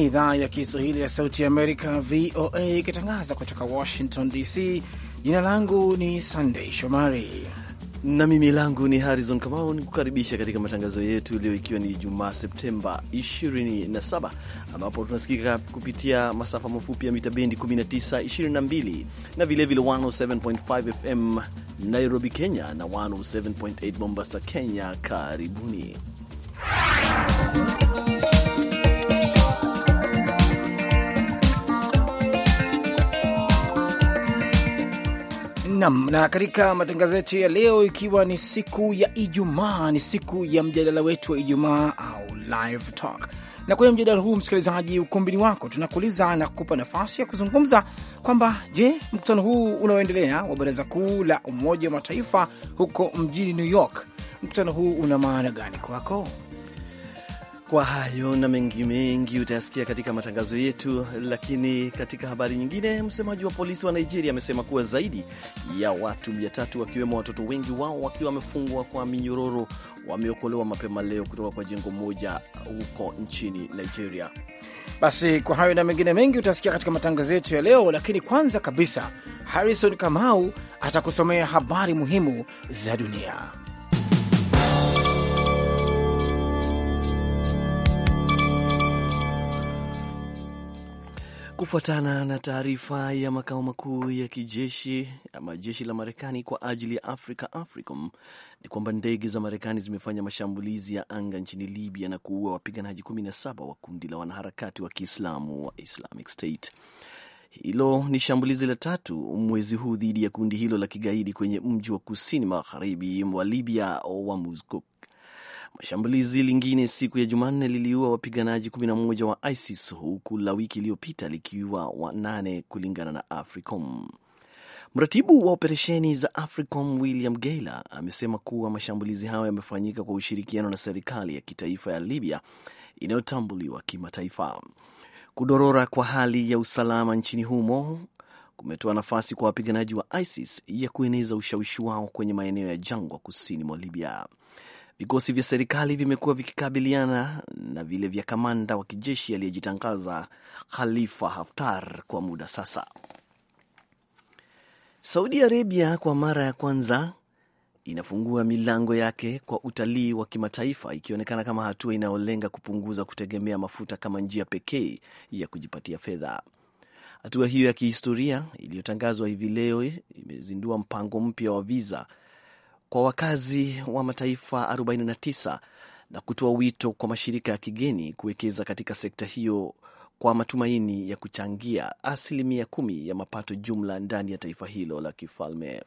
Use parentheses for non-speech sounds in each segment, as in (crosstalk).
ni idhaa ya Kiswahili ya Sauti ya Amerika, VOA, ikitangaza kutoka Washington DC. Jina langu ni Sandei Shomari na mimi langu ni Harrison Kamau, ni kukaribisha katika matangazo yetu leo, ikiwa ni jumaa Septemba 27 ambapo tunasikika kupitia masafa mafupi ya mita bendi 19, 22 na vilevile 107.5 FM Nairobi, Kenya na 107.8 Mombasa, Kenya. Karibuni Nam, na katika matangazo yetu ya leo, ikiwa ni siku ya Ijumaa, ni siku ya mjadala wetu wa Ijumaa au live talk. Na kwenye mjadala huu, msikilizaji, ukumbini wako tunakuuliza na kukupa nafasi ya kuzungumza kwamba je, mkutano huu unaoendelea wa Baraza Kuu la Umoja wa Mataifa huko mjini New York, mkutano huu una maana gani kwako? Kwa hayo na mengi mengi utayasikia katika matangazo yetu. Lakini katika habari nyingine, msemaji wa polisi wa Nigeria amesema kuwa zaidi ya watu mia tatu wakiwemo watoto wengi wao wakiwa wamefungwa kwa minyororo wameokolewa mapema leo kutoka kwa jengo moja huko nchini Nigeria. Basi kwa hayo na mengine mengi utasikia katika matangazo yetu ya leo, lakini kwanza kabisa, Harrison Kamau atakusomea habari muhimu za dunia. Kufuatana na taarifa ya makao makuu ya kijeshi ama jeshi la Marekani kwa ajili ya Africa, AFRICOM, ni kwamba ndege za Marekani zimefanya mashambulizi ya anga nchini Libya na kuua wapiganaji 17 wa kundi la wanaharakati wa Kiislamu wa Islamic State. Hilo ni shambulizi la tatu mwezi huu dhidi ya kundi hilo la kigaidi kwenye mji wa kusini magharibi wa Libya wa Muskuk Mashambulizi lingine siku ya Jumanne liliua wapiganaji 11 wa ISIS huku la wiki iliyopita likiwa wanane kulingana na AFRICOM. Mratibu wa operesheni za AFRICOM William Gayler amesema kuwa mashambulizi hayo yamefanyika kwa ushirikiano na serikali ya kitaifa ya Libya inayotambuliwa kimataifa. Kudorora kwa hali ya usalama nchini humo kumetoa nafasi kwa wapiganaji wa ISIS ya kueneza ushawishi wao kwenye maeneo ya jangwa kusini mwa Libya. Vikosi vya serikali vimekuwa vikikabiliana na vile vya kamanda wa kijeshi aliyejitangaza Khalifa Haftar kwa muda sasa. Saudi Arabia kwa mara ya kwanza inafungua milango yake kwa utalii wa kimataifa ikionekana kama hatua inayolenga kupunguza kutegemea mafuta kama njia pekee ya kujipatia fedha. Hatua hiyo ya kihistoria iliyotangazwa hivi leo imezindua mpango mpya wa viza kwa wakazi wa mataifa 49 na kutoa wito kwa mashirika ya kigeni kuwekeza katika sekta hiyo kwa matumaini ya kuchangia asilimia kumi ya mapato jumla ndani ya taifa hilo la kifalme.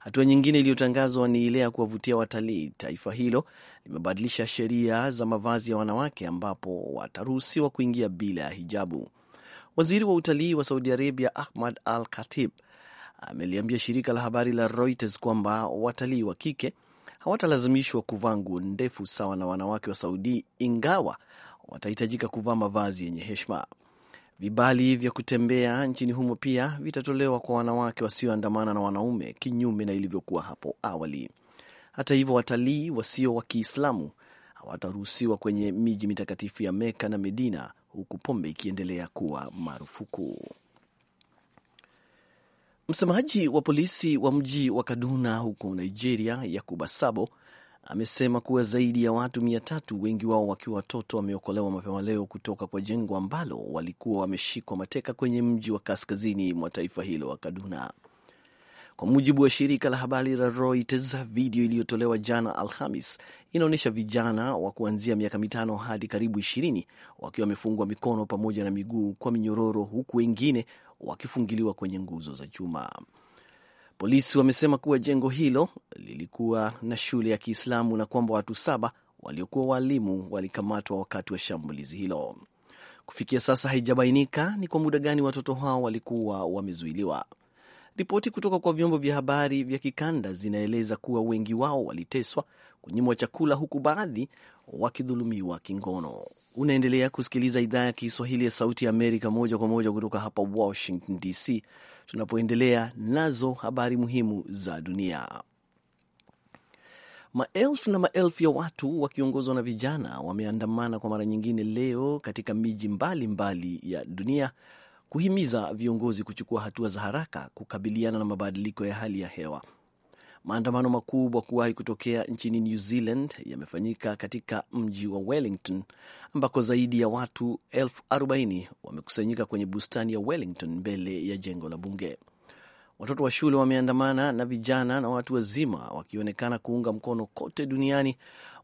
Hatua nyingine iliyotangazwa ni ile ya kuwavutia watalii. Taifa hilo limebadilisha sheria za mavazi ya wanawake, ambapo wataruhusiwa kuingia bila ya hijabu. Waziri wa utalii wa Saudi Arabia Ahmad Al Khatib ameliambia shirika la habari la Reuters kwamba watalii wa kike hawatalazimishwa kuvaa nguo ndefu sawa na wanawake wa Saudi, ingawa watahitajika kuvaa mavazi yenye heshima. Vibali vya kutembea nchini humo pia vitatolewa kwa wanawake wasioandamana na wanaume, kinyume na ilivyokuwa hapo awali. Hata hivyo, watalii wasio wa Kiislamu hawataruhusiwa kwenye miji mitakatifu ya Meka na Medina, huku pombe ikiendelea kuwa marufuku. Msemaji wa polisi wa mji wa Kaduna huko Nigeria, Yakuba Sabo, amesema kuwa zaidi ya watu mia tatu, wengi wao wakiwa watoto, wameokolewa mapema leo kutoka kwa jengo ambalo walikuwa wameshikwa mateka kwenye mji wa kaskazini mwa taifa hilo wa Kaduna. Kwa mujibu wa shirika la habari la Reuters, video iliyotolewa jana Alhamis inaonyesha vijana wa kuanzia miaka mitano hadi karibu ishirini wakiwa wamefungwa mikono pamoja na miguu kwa minyororo, huku wengine wakifungiliwa kwenye nguzo za chuma. Polisi wamesema kuwa jengo hilo lilikuwa na shule ya Kiislamu na kwamba watu saba waliokuwa waalimu walikamatwa wakati wa shambulizi hilo. Kufikia sasa haijabainika ni kwa muda gani watoto hao walikuwa wamezuiliwa. Ripoti kutoka kwa vyombo vya habari vya kikanda zinaeleza kuwa wengi wao waliteswa, kunyimwa chakula, huku baadhi wakidhulumiwa kingono. Unaendelea kusikiliza idhaa ya Kiswahili ya Sauti ya Amerika moja kwa moja kutoka hapa Washington DC, tunapoendelea nazo habari muhimu za dunia. Maelfu na maelfu ya watu wakiongozwa na vijana wameandamana kwa mara nyingine leo katika miji mbalimbali mbali ya dunia kuhimiza viongozi kuchukua hatua za haraka kukabiliana na mabadiliko ya hali ya hewa Maandamano makubwa kuwahi kutokea nchini New Zealand yamefanyika katika mji wa Wellington ambako zaidi ya watu elfu arobaini wamekusanyika kwenye bustani ya Wellington mbele ya jengo la bunge. Watoto wa shule wameandamana na vijana na watu wazima wakionekana kuunga mkono kote duniani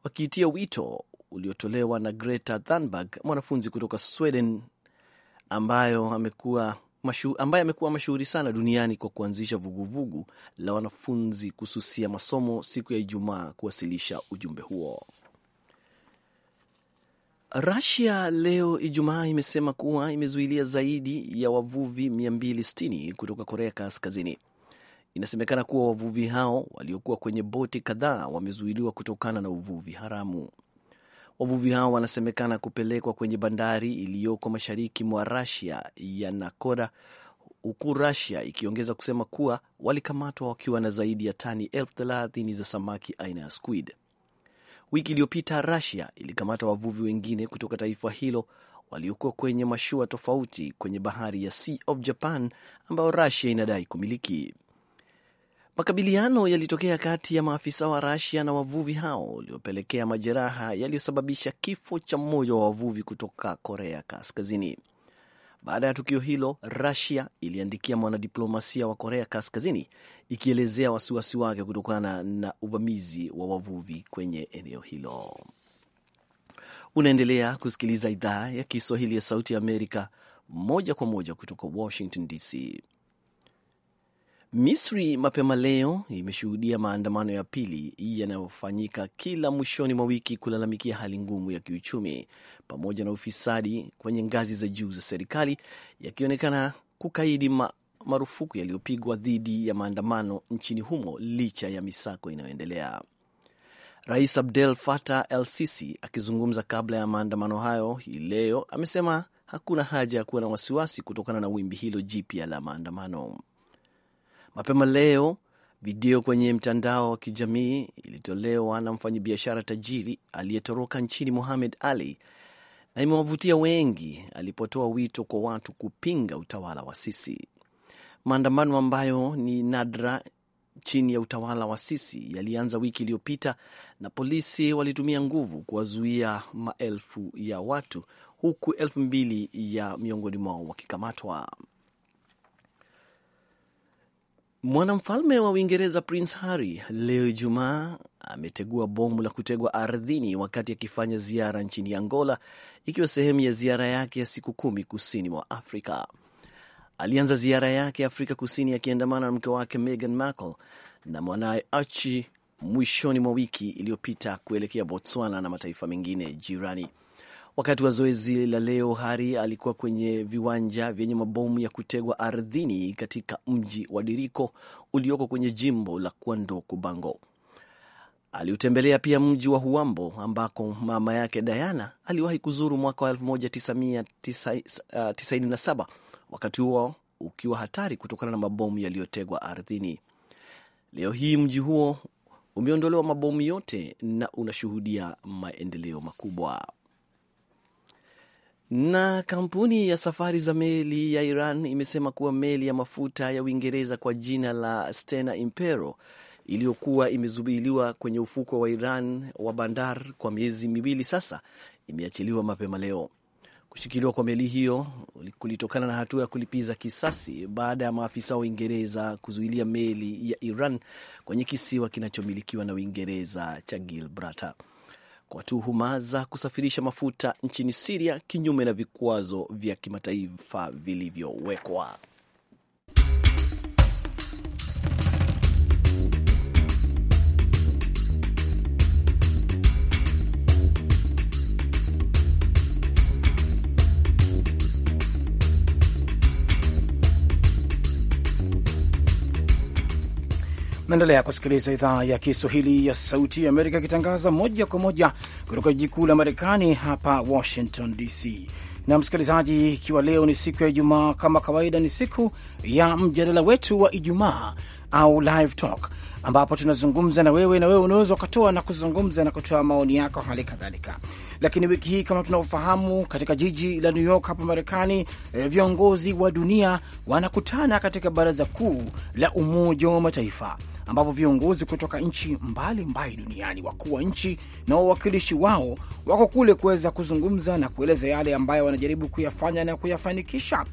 wakiitia wito uliotolewa na Greta Thunberg, mwanafunzi kutoka Sweden ambayo amekuwa mashu, ambaye amekuwa mashuhuri sana duniani kwa kuanzisha vuguvugu vugu la wanafunzi kususia masomo siku ya Ijumaa kuwasilisha ujumbe huo. Rasia leo Ijumaa imesema kuwa imezuilia zaidi ya wavuvi 260 kutoka Korea Kaskazini. Inasemekana kuwa wavuvi hao waliokuwa kwenye boti kadhaa wamezuiliwa kutokana na uvuvi haramu. Wavuvi hao wanasemekana kupelekwa kwenye bandari iliyoko mashariki mwa rasia ya Nakoda, huku rasia ikiongeza kusema kuwa walikamatwa wakiwa na zaidi ya tani elfu thelathini za samaki aina ya squid. Wiki iliyopita rasia ilikamata wavuvi wengine kutoka taifa hilo waliokuwa kwenye mashua tofauti kwenye bahari ya Sea of Japan ambayo Rasia inadai kumiliki. Makabiliano yalitokea kati ya maafisa wa Rasia na wavuvi hao uliopelekea majeraha yaliyosababisha kifo cha mmoja wa wavuvi kutoka Korea Kaskazini. Baada ya tukio hilo, Rasia iliandikia mwanadiplomasia wa Korea Kaskazini ikielezea wasiwasi wake kutokana na uvamizi wa wavuvi kwenye eneo hilo. Unaendelea kusikiliza idhaa ya Kiswahili ya Sauti ya Amerika moja kwa moja kutoka Washington DC. Misri mapema leo imeshuhudia maandamano ya pili yanayofanyika kila mwishoni mwa wiki kulalamikia hali ngumu ya kiuchumi pamoja na ufisadi kwenye ngazi za juu za serikali yakionekana kukaidi ma marufuku yaliyopigwa dhidi ya maandamano nchini humo licha ya misako inayoendelea. Rais Abdel Fattah El Sisi akizungumza kabla ya maandamano hayo hii leo amesema hakuna haja ya kuwa na wasiwasi kutokana na wimbi hilo jipya la maandamano. Mapema leo video kwenye mtandao wa kijamii ilitolewa na mfanyabiashara tajiri aliyetoroka nchini Mohamed Ali na imewavutia wengi alipotoa wito kwa watu kupinga utawala wa Sisi. Maandamano ambayo ni nadra chini ya utawala wa Sisi yalianza wiki iliyopita na polisi walitumia nguvu kuwazuia maelfu ya watu huku elfu mbili ya miongoni mwao wakikamatwa. Mwanamfalme wa Uingereza Prince Harry leo Ijumaa ametegua bomu la kutegwa ardhini wakati akifanya ziara nchini Angola, ikiwa sehemu ya ziara yake ya siku kumi kusini mwa Afrika. Alianza ziara yake Afrika Kusini akiandamana na mke wake Meghan Markle na mwanaye Archie mwishoni mwa wiki iliyopita kuelekea Botswana na mataifa mengine jirani. Wakati wa zoezi la leo, Hari alikuwa kwenye viwanja vyenye mabomu ya kutegwa ardhini katika mji wa Diriko ulioko kwenye jimbo la Kwando kubango Aliutembelea pia mji wa Huambo ambako mama yake Diana aliwahi kuzuru mwaka wa 1997 uh, wakati huo ukiwa hatari kutokana na mabomu yaliyotegwa ardhini. Leo hii mji huo umeondolewa mabomu yote na unashuhudia maendeleo makubwa. Na kampuni ya safari za meli ya Iran imesema kuwa meli ya mafuta ya Uingereza kwa jina la Stena Impero iliyokuwa imezuiliwa kwenye ufuko wa Iran wa bandar kwa miezi miwili sasa imeachiliwa mapema leo. Kushikiliwa kwa meli hiyo kulitokana na hatua ya kulipiza kisasi baada ya maafisa wa Uingereza kuzuilia meli ya Iran kwenye kisiwa kinachomilikiwa na Uingereza cha Gibraltar kwa tuhuma za kusafirisha mafuta nchini Siria kinyume na vikwazo vya kimataifa vilivyowekwa. Naendelea kusikiliza idhaa ya Kiswahili ya Sauti ya Amerika ikitangaza moja kwa moja kutoka jiji kuu la Marekani, hapa Washington DC. Na msikilizaji, ikiwa leo ni siku ya Ijumaa, kama kawaida, ni siku ya mjadala wetu wa Ijumaa au live talk, ambapo tunazungumza na wewe na wewe unaweza ukatoa na kuzungumza na kutoa maoni yako hali kadhalika. Lakini wiki hii kama tunavyofahamu, katika jiji la New York hapa Marekani, e, viongozi wa dunia wanakutana katika baraza kuu la Umoja wa Mataifa ambapo viongozi kutoka nchi mbalimbali duniani, wakuu wa nchi na wawakilishi wao wako kule kuweza kuzungumza na kueleza yale ambayo wanajaribu kuyafanya na kuyafanikisha.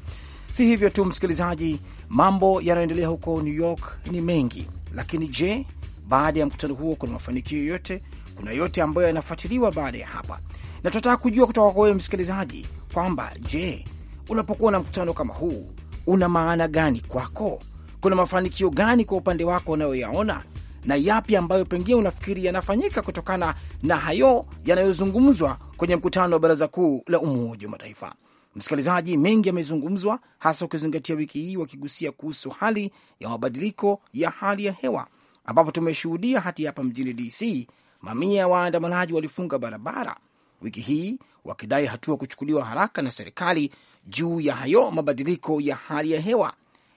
Si hivyo tu, msikilizaji, mambo yanayoendelea huko New York ni mengi, lakini je, baada ya mkutano huo kuna mafanikio yoyote? kuna yote ambayo yanafuatiliwa baada ya hapa, na tunataka kujua kutoka kwa wewe msikilizaji kwamba je, unapokuwa na mkutano kama huu una maana gani kwako? Kuna mafanikio gani kwa upande wako unayoyaona, na yapi ambayo pengine unafikiri yanafanyika kutokana na hayo yanayozungumzwa kwenye mkutano wa Baraza Kuu la Umoja wa Mataifa? Msikilizaji, mengi yamezungumzwa, hasa ukizingatia wiki hii wakigusia kuhusu hali ya mabadiliko ya hali ya hewa, ambapo tumeshuhudia hati hapa mjini DC Mamia ya waandamanaji walifunga barabara wiki hii wakidai hatua kuchukuliwa haraka na serikali juu ya hayo mabadiliko ya hali ya hewa,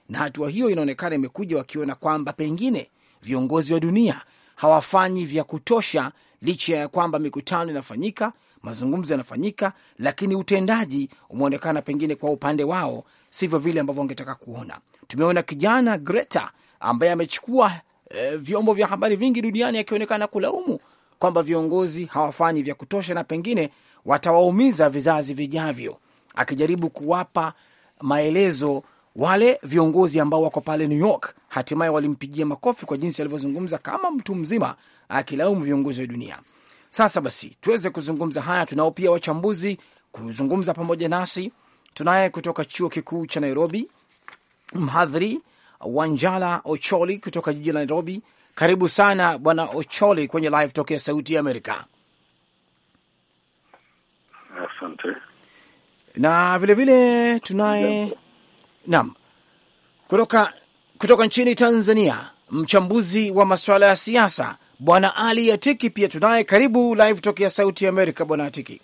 na hatua hiyo inaonekana imekuja wakiona kwamba pengine viongozi wa dunia hawafanyi vya kutosha, licha ya kwamba mikutano inafanyika, mazungumzo yanafanyika, lakini utendaji umeonekana pengine kwa upande wao sivyo vile ambavyo wangetaka kuona. Tumeona kijana Greta ambaye amechukua eh, vyombo vya habari vingi duniani akionekana kulaumu kwamba viongozi hawafanyi vya kutosha na pengine watawaumiza vizazi vijavyo, akijaribu kuwapa maelezo wale viongozi ambao wako pale New York. Hatimaye walimpigia makofi kwa jinsi alivyozungumza kama mtu mzima, akilaumu viongozi wa dunia. Sasa basi, tuweze kuzungumza haya. Tunao pia wachambuzi kuzungumza pamoja nasi. Tunaye kutoka chuo kikuu cha Nairobi mhadhiri Wanjala Ocholi kutoka jiji la Nairobi, karibu sana Bwana Ocholi kwenye Live Talk ya Sauti ya Amerika. Asante. Na vilevile vile tunaye naam, kutoka kutoka nchini Tanzania, mchambuzi wa masuala ya siasa Bwana Ali Atiki pia tunaye. Karibu Live Talk ya Sauti ya Amerika, Bwana Atiki.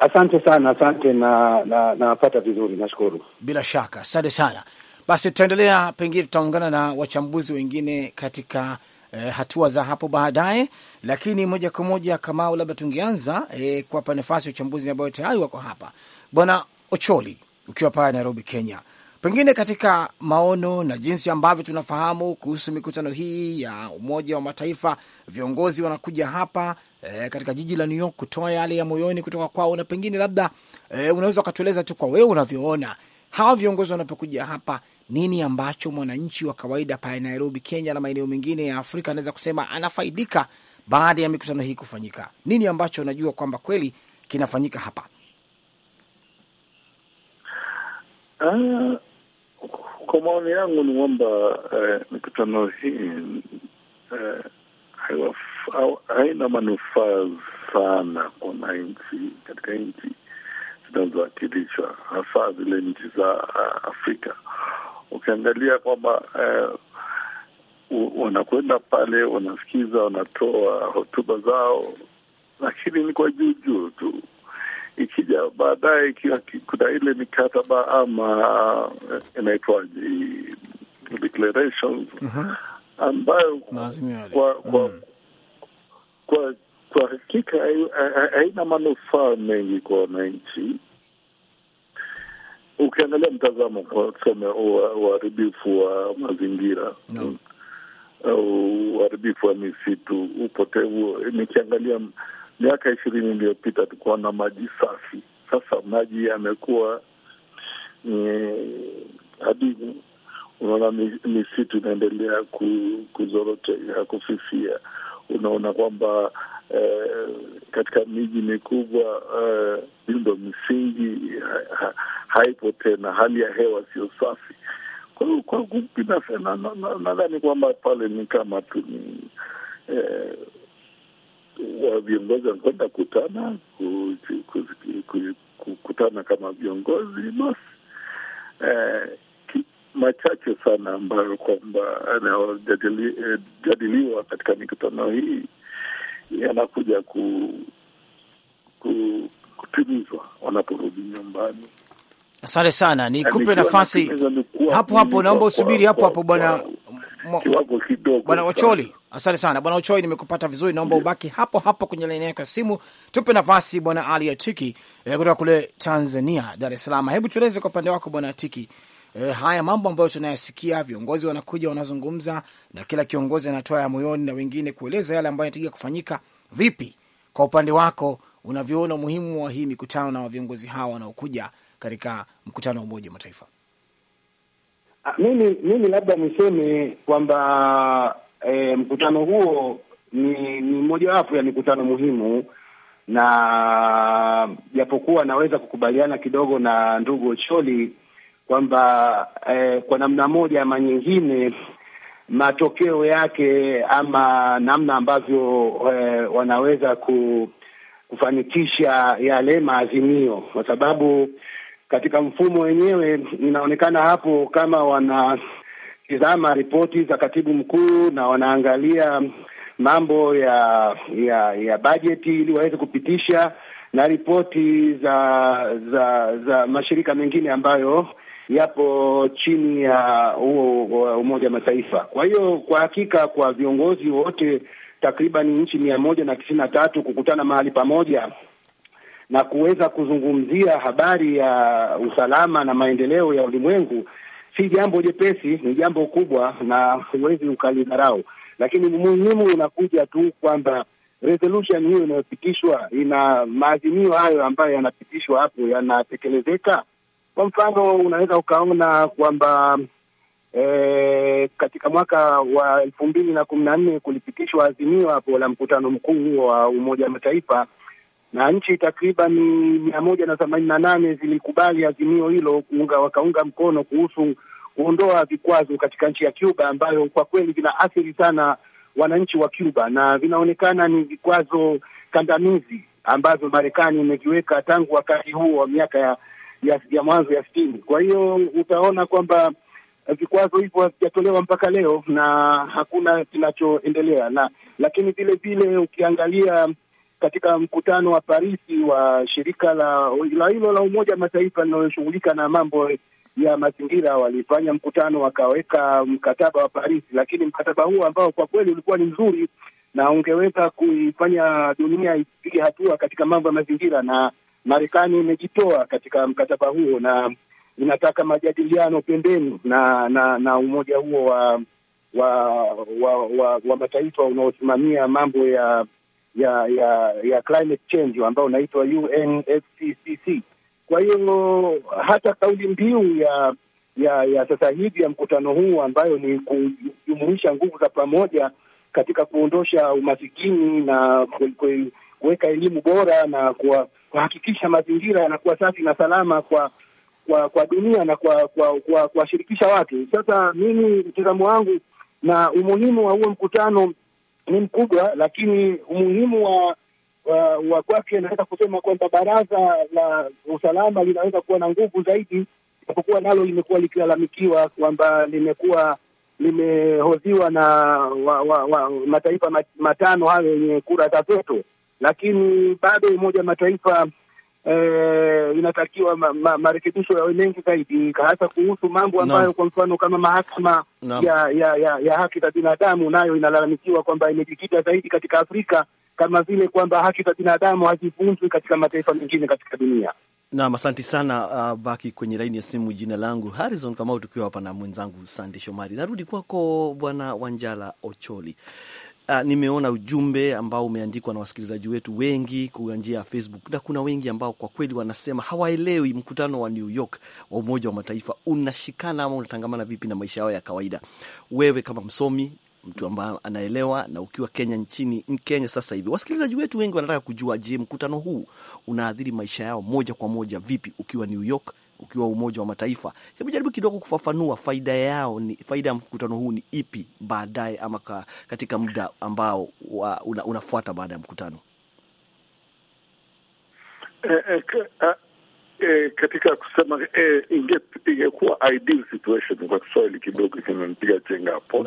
Asante sana, asante na napata na vizuri, nashukuru. Bila shaka, asante sana basi tutaendelea, pengine tutaungana na wachambuzi wengine katika e, hatua za hapo baadaye, lakini moja kwa moja Kamau, labda tungeanza e, kuwapa nafasi ya uchambuzi ambayo tayari wako hapa. Bwana Ocholi, ukiwa pale Nairobi, Kenya, pengine katika maono na jinsi ambavyo tunafahamu kuhusu mikutano hii ya Umoja wa Mataifa, viongozi wanakuja hapa e, katika jiji la New York kutoa yale ya moyoni kutoka kwao, na pengine labda e, unaweza ukatueleza tu kwa wewe unavyoona hawa viongozi wanapokuja hapa nini ambacho mwananchi wa kawaida pale Nairobi, Kenya na maeneo mengine ya Afrika anaweza kusema anafaidika baada ya mikutano hii kufanyika? Nini ambacho unajua kwamba kweli kinafanyika hapa? Uh, kwa maoni yangu ni kwamba uh, mikutano hii uh, haina manufaa sana kwa wananchi katika nchi zinazowakilishwa hasa zile nchi za ah, Afrika ukiangalia kwamba eh, wanakwenda pale wanasikiza, wanatoa hotuba zao, lakini ni kwa juu juu tu. Ikija baadaye, ikiwa kuna ile mikataba ama eh, inaitwaje declarations ambayo kwa mm. kwa kwa hakika haina manufaa mengi kwa wananchi ukiangalia mtazamo kwa tuseme uh, uharibifu wa mazingira mm, uh, uharibifu wa misitu, upotevu. Nikiangalia miaka ishirini iliyopita tulikuwa na maji safi, sasa maji yamekuwa adimu. Unaona misitu inaendelea kuzorotea, kufifia. Unaona kwamba Eh, katika miji mikubwa eh, miundo uh, msingi ha, ha, haipo tena, hali ya hewa sio safi. Kwa hiyo kwa binafsi nadhani kwamba pale ni kama tu ni eh, wa viongozi wanakwenda kutana kukutana kama viongozi basi, eh, machache sana ambayo kwamba eh, eh katika mikutano hii yanakuja ku, ku, kutimizwa wanaporudi nyumbani. Asante sana, nikupe nafasi hapo hapo, naomba usubiri hapo hapo bwana Bwana Ocholi, asante sana Bwana Ocholi, nimekupata vizuri, naomba ubaki hapo hapo kwenye laini yako ya simu. Tupe nafasi Bwana Ali Atiki eh, kutoka kule Tanzania, Dar es Salaam. Hebu tueleze kwa upande wako Bwana Atiki, e, haya mambo ambayo tunayasikia, viongozi wanakuja wanazungumza, na kila kiongozi anatoa ya moyoni na wengine kueleza yale ambayo yanatakiwa kufanyika. Vipi kwa upande wako unavyoona umuhimu wa hii mikutano na viongozi hawa wanaokuja katika mkutano wa Umoja wa Mataifa? Ah, mimi mimi labda niseme kwamba e, mkutano huo ni ni mojawapo ya mikutano muhimu, na japokuwa naweza kukubaliana kidogo na ndugu Ocholi kwamba eh, kwa namna moja ama nyingine matokeo yake ama namna ambavyo eh, wanaweza ku, kufanikisha yale maazimio, kwa sababu katika mfumo wenyewe inaonekana hapo kama wanatizama ripoti za katibu mkuu na wanaangalia mambo ya ya ya bajeti ili waweze kupitisha na ripoti za za za mashirika mengine ambayo yapo chini ya huo Umoja wa Mataifa. Kwa hiyo kwa hakika kwa viongozi wote takriban nchi mia moja na tisini na tatu kukutana mahali pamoja na kuweza kuzungumzia habari ya usalama na maendeleo ya ulimwengu si jambo jepesi, ni jambo kubwa na huwezi ukalidharau, lakini muhimu unakuja tu kwamba resolution hiyo inayopitishwa ina maazimio hayo ambayo yanapitishwa hapo yanatekelezeka kwa mfano unaweza ukaona kwamba E, katika mwaka wa elfu mbili na kumi na nne kulipitishwa azimio hapo la mkutano mkuu wa Umoja wa Mataifa, na nchi takriban mia moja na themanini na nane zilikubali azimio hilo kuunga, wakaunga mkono kuhusu kuondoa vikwazo katika nchi ya Cuba, ambayo kwa kweli vina athiri sana wananchi wa Cuba na vinaonekana ni vikwazo kandamizi ambavyo Marekani imeviweka tangu wakati huo wa miaka ya ya, ya mwanzo ya sitini. Kwa hiyo utaona kwamba vikwazo hivyo havijatolewa mpaka leo na hakuna kinachoendelea, na lakini vile vile ukiangalia katika mkutano wa parisi wa shirika la la hilo la Umoja wa Mataifa linaloshughulika na mambo ya mazingira, walifanya mkutano wakaweka mkataba wa parisi lakini mkataba huo ambao kwa kweli ulikuwa ni mzuri na ungeweza kuifanya dunia ipige hatua katika mambo ya mazingira na Marekani imejitoa katika mkataba huo na inataka majadiliano pembeni na na na umoja huo wa wa wa, wa, wa mataifa unaosimamia mambo ya ya ya ya climate change ambao unaitwa UNFCCC. Kwa hiyo hata kauli mbiu ya ya ya sasa hivi ya mkutano huu ambayo ni kujumuisha nguvu za pamoja katika kuondosha umasikini na kwe, kwe, kuweka elimu bora na kuhakikisha mazingira yanakuwa safi na salama kwa kwa kwa dunia na kwa kwa kuwashirikisha watu. Sasa mimi mtazamo wangu na umuhimu wa huo mkutano ni mkubwa, lakini umuhimu wa wa, wa kwake naweza kusema kwamba baraza la usalama linaweza kuwa na nguvu zaidi, japokuwa nalo limekuwa likilalamikiwa kwamba limekuwa limehoziwa na wa, wa, wa, mataifa matano hayo yenye kura za veto lakini bado Umoja wa Mataifa eh, inatakiwa ma, ma, marekebisho yawe mengi zaidi, hasa kuhusu mambo ambayo no. kwa mfano kama mahakama no. ya, ya, ya, ya haki za binadamu nayo inalalamikiwa kwamba imejikita zaidi katika Afrika kama vile kwamba haki za binadamu hazivunjwi katika mataifa mengine katika dunia. Naam, asante sana. Uh, baki kwenye laini ya simu. Jina langu Harrison Kamau, tukiwa hapa na mwenzangu Sande Shomari. Narudi kwako Bwana Wanjala Ocholi. Uh, nimeona ujumbe ambao umeandikwa na wasikilizaji wetu wengi kwa njia ya Facebook na kuna wengi ambao kwa kweli wanasema hawaelewi mkutano wa New York wa Umoja wa Mataifa unashikana ama unatangamana vipi na maisha yao ya kawaida. Wewe kama msomi, mtu ambaye anaelewa, na ukiwa Kenya, nchini Kenya sasa hivi, wasikilizaji wetu wengi wanataka kujua, je, mkutano huu unaathiri maisha yao moja kwa moja vipi ukiwa New York ukiwa Umoja wa Mataifa. Hebu jaribu kidogo kufafanua faida yao ni, faida ya mkutano huu ni ipi baadaye ama ka, katika muda ambao wa, una, unafuata baada ya mkutano eh, eh, ka, eh, eh, katika kusema eh, ingekuwa ideal situation kwa Kiswahili kidogo kimempiga chenga hapo,